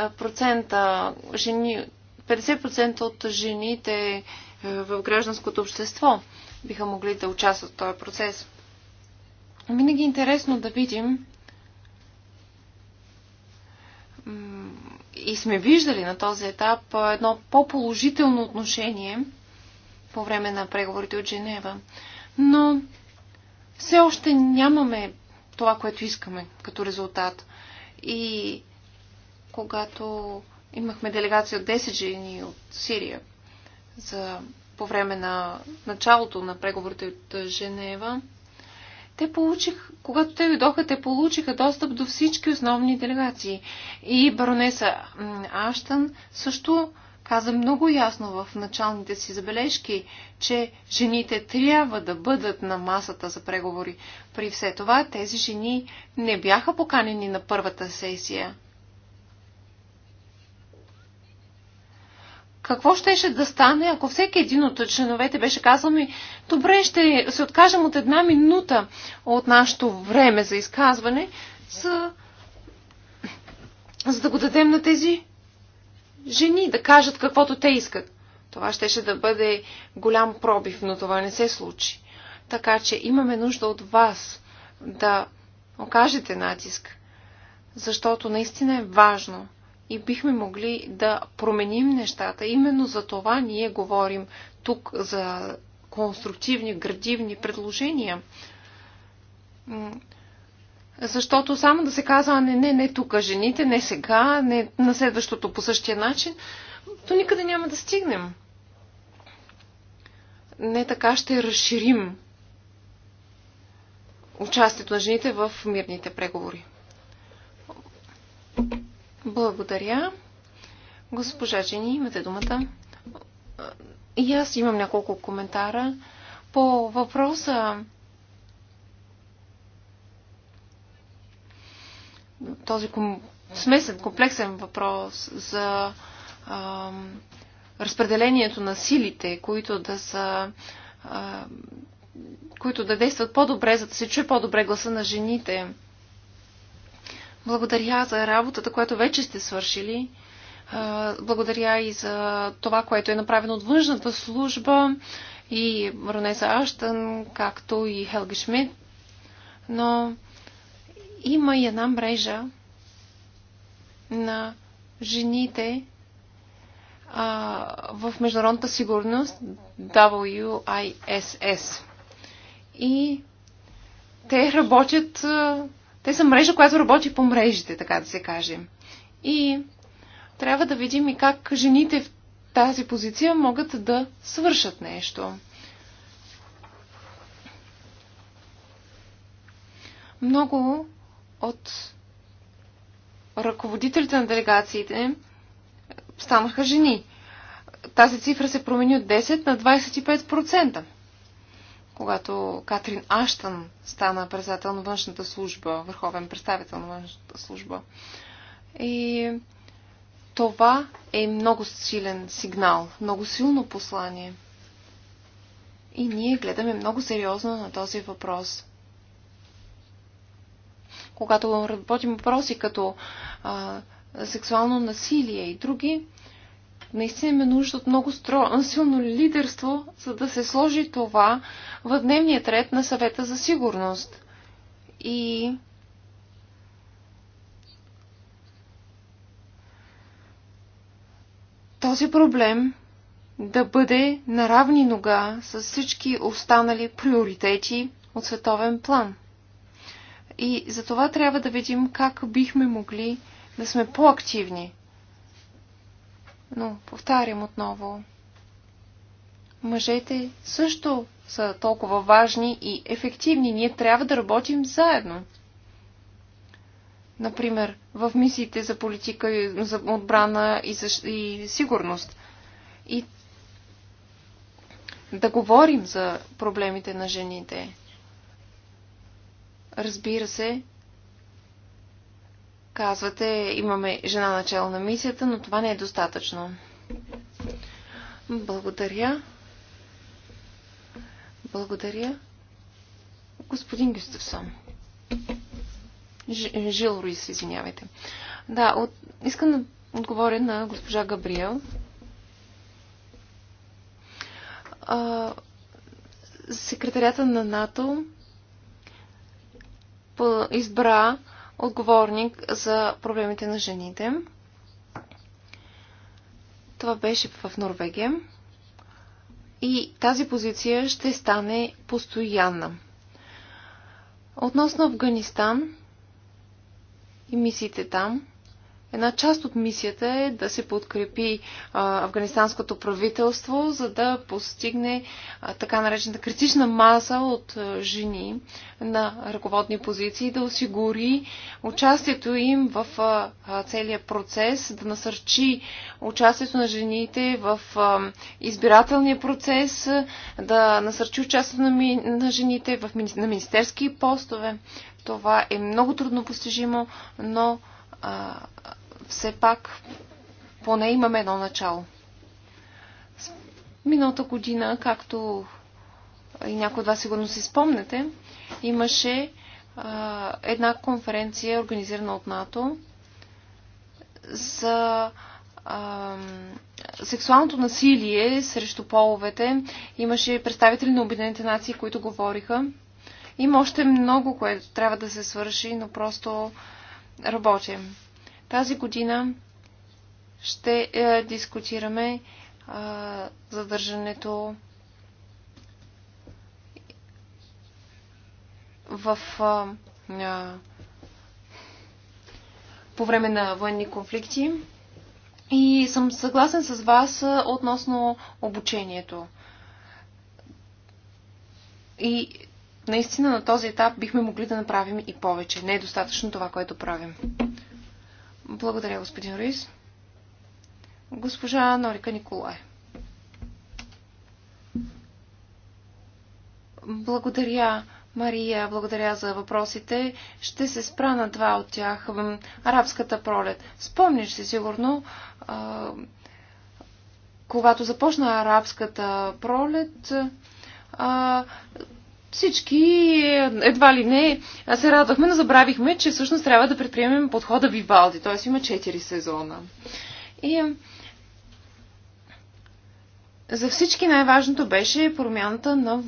[SPEAKER 2] 50 процента жени 50% от жените е, в гражданското общество биха могли да участват в този процес. Винаги е интересно да видим и сме виждали на този етап едно по-положително отношение по време на преговорите от Женева. Но все още нямаме това, което искаме като резултат. И когато Имахме делегация от 10 жени от Сирия за, по време на началото на преговорите от Женева. Те получих, когато те дойдоха, те получиха достъп до всички основни делегации. И баронеса Аштън също каза много ясно в началните си забележки, че жените трябва да бъдат на масата за преговори. При все това тези жени не бяха поканени на първата сесия. какво щеше да стане, ако всеки един от членовете беше казал ми, добре, ще се откажем от една минута от нашето време за изказване, за, за да го дадем на тези жени, да кажат каквото те искат. Това щеше да бъде голям пробив, но това не се случи. Така че имаме нужда от вас да окажете натиск, защото наистина е важно – и бихме могли да променим нещата. Именно за това ние говорим тук за конструктивни, градивни предложения. Защото само да се казва, не, не, не тук жените, не сега, не на следващото по същия начин, то никъде няма да стигнем. Не така ще разширим участието на жените в мирните преговори. Благодаря. Госпожа Жени, имате думата. И аз имам няколко коментара. По въпроса този ком... смесен, комплексен въпрос за а, разпределението на силите, които да са а, които да действат по-добре, за да се чуе по-добре гласа на жените. Благодаря за работата, която вече сте свършили. Благодаря и за това, което е направено от външната служба и Ронеса Аштън, както и Хелги Шмидт. Но има и една мрежа на жените а, в международната сигурност WISS. И те работят те са мрежа, която работи по мрежите, така да се каже. И трябва да видим и как жените в тази позиция могат да свършат нещо. Много от ръководителите на делегациите станаха жени. Тази цифра се промени от 10 на 25% когато Катрин Аштън стана председател на външната служба, върховен представител на външната служба. И това е много силен сигнал, много силно послание. И ние гледаме много сериозно на този въпрос. Когато работим въпроси като а, сексуално насилие и други, наистина има нужда от много стро... силно лидерство, за да се сложи това в дневният ред на съвета за сигурност. И този проблем да бъде на равни нога с всички останали приоритети от световен план. И за това трябва да видим как бихме могли да сме по-активни но, повтарям отново, мъжете също са толкова важни и ефективни. Ние трябва да работим заедно. Например, в мисиите за политика, за отбрана и, за, и сигурност. И да говорим за проблемите на жените. Разбира се, Казвате, имаме жена начало на мисията, но това не е достатъчно. Благодаря. Благодаря. Господин Гюстовсон, Ж, Жил Руис, извинявайте. Да, от, искам да отговоря на госпожа Габриел. А, секретарята на НАТО избра отговорник за проблемите на жените. Това беше в Норвегия. И тази позиция ще стане постоянна. Относно Афганистан и мисиите там, Една част от мисията е да се подкрепи а, афганистанското правителство, за да постигне а, така наречената критична маса от а, жени на ръководни позиции, да осигури участието им в а, а, целия процес, да насърчи участието на жените в а, избирателния процес, да насърчи участието на, ми, на жените в, на министерски постове. Това е много трудно постижимо, но а, все пак поне имаме едно начало. Миналата година, както и някои от вас сигурно си спомнете, имаше а, една конференция, организирана от НАТО, за а, сексуалното насилие срещу половете. Имаше представители на Обединените нации, които говориха. Има още много, което трябва да се свърши, но просто работим. Тази година ще е, дискутираме е, задържането в е, е, по време на военни конфликти. И съм съгласен с вас е, относно обучението. И наистина на този етап бихме могли да направим и повече. Не е достатъчно това, което правим. Благодаря, господин Руис. Госпожа Норика Николай. Благодаря, Мария, благодаря за въпросите. Ще се спра на два от тях. Арабската пролет. Спомниш се, сигурно, когато започна арабската пролет, всички едва ли не се радвахме, но забравихме, че всъщност трябва да предприемем подхода Вивалди, т.е. има 4 сезона. И за всички най-важното беше промяната на,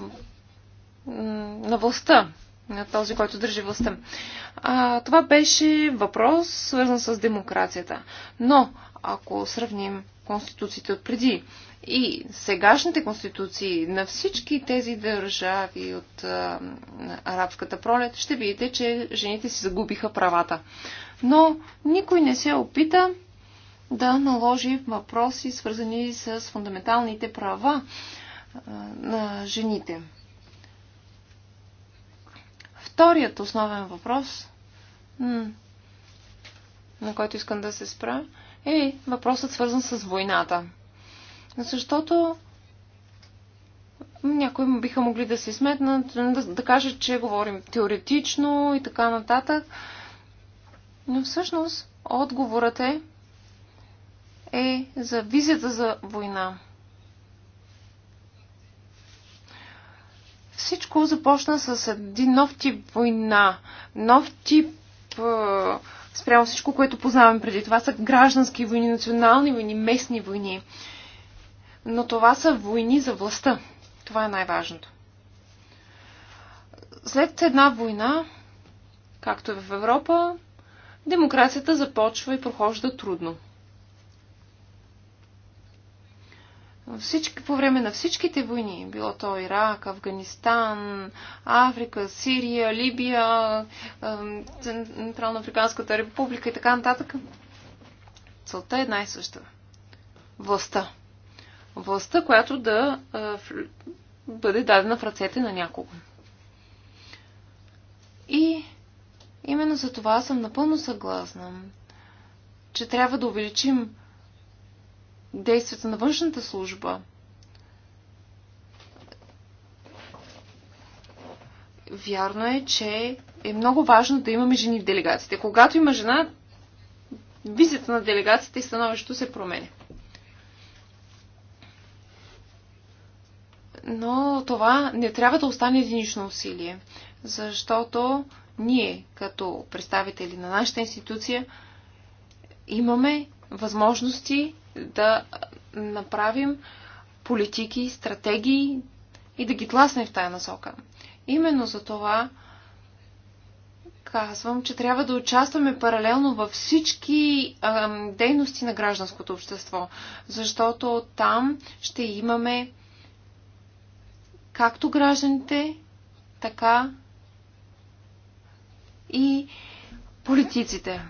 [SPEAKER 2] на властта, на този, който държи властта. А, това беше въпрос, свързан с демокрацията. Но, ако сравним конституциите от преди и сегашните конституции на всички тези държави от а, арабската пролет ще видите, че жените си загубиха правата. Но никой не се опита да наложи въпроси, свързани с фундаменталните права а, на жените. Вторият основен въпрос, на който искам да се спра, е въпросът свързан с войната. Защото някои биха могли да се сметнат, да, да кажат, че говорим теоретично и така нататък. Но всъщност отговорът е, е за визията за война. Всичко започна с един нов тип война, нов тип спрямо всичко, което познаваме преди това са граждански войни, национални войни, местни войни. Но това са войни за властта. Това е най-важното. След една война, както е в Европа, демокрацията започва и прохожда трудно. Всички, по време на всичките войни, било то Ирак, Афганистан, Африка, Сирия, Либия, Централноафриканската република и така нататък, целта е една и съща. Властта властта, която да бъде дадена в ръцете на някого. И именно за това съм напълно съгласна, че трябва да увеличим действията на външната служба. Вярно е, че е много важно да имаме жени в делегациите. Когато има жена, визията на делегациите и становището се променя. Но това не трябва да остане единично усилие, защото ние, като представители на нашата институция, имаме възможности да направим политики, стратегии и да ги тласнем в тая насока. Именно за това казвам, че трябва да участваме паралелно във всички а, дейности на гражданското общество, защото там ще имаме както гражданите, така и политиците.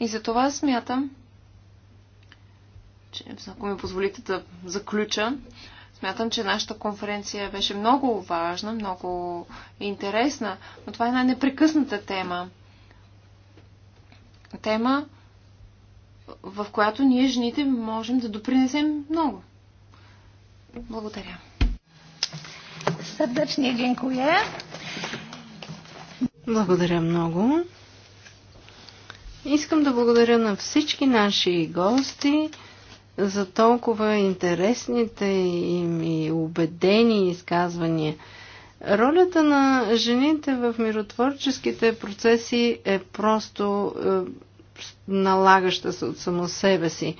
[SPEAKER 2] И за това смятам, че, ако ми позволите да заключа, смятам, че нашата конференция беше много важна, много интересна, но това е една непрекъсната тема. Тема, в която ние жените можем да допринесем много. Благодаря
[SPEAKER 1] serdecznie dziękuję.
[SPEAKER 3] Благодаря много. Искам да благодаря на всички наши гости за толкова интересните им и убедени изказвания. Ролята на жените в миротворческите процеси е просто е, налагаща се от само себе си.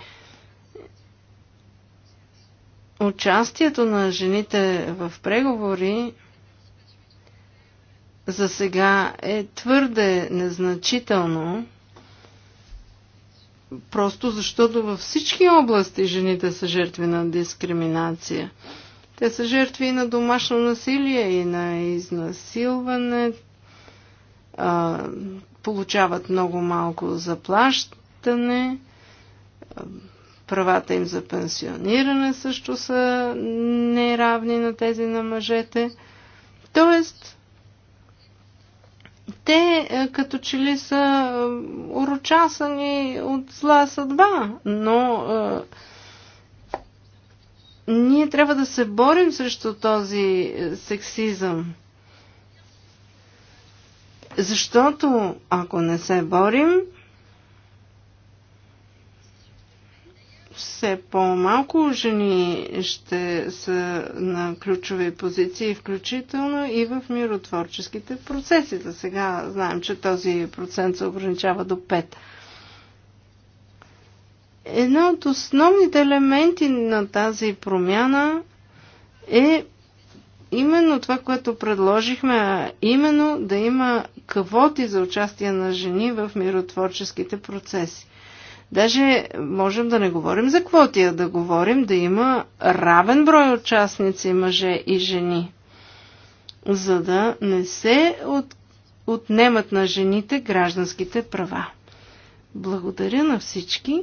[SPEAKER 3] Участието на жените в преговори за сега е твърде незначително, просто защото във всички области жените са жертви на дискриминация. Те са жертви и на домашно насилие, и на изнасилване, а, получават много малко заплащане, Правата им за пенсиониране също са неравни на тези на мъжете. Тоест, те е, като че ли са е, урочасани от зла съдба, но е, ние трябва да се борим срещу този е, сексизъм. Защото ако не се борим, все по-малко жени ще са на ключови позиции, включително и в миротворческите процеси. За сега знаем, че този процент се ограничава до 5. Една от основните елементи на тази промяна е именно това, което предложихме, а именно да има квоти за участие на жени в миротворческите процеси. Даже можем да не говорим за квоти, а да говорим да има равен брой участници мъже и жени, за да не се от, отнемат на жените гражданските права. Благодаря на всички.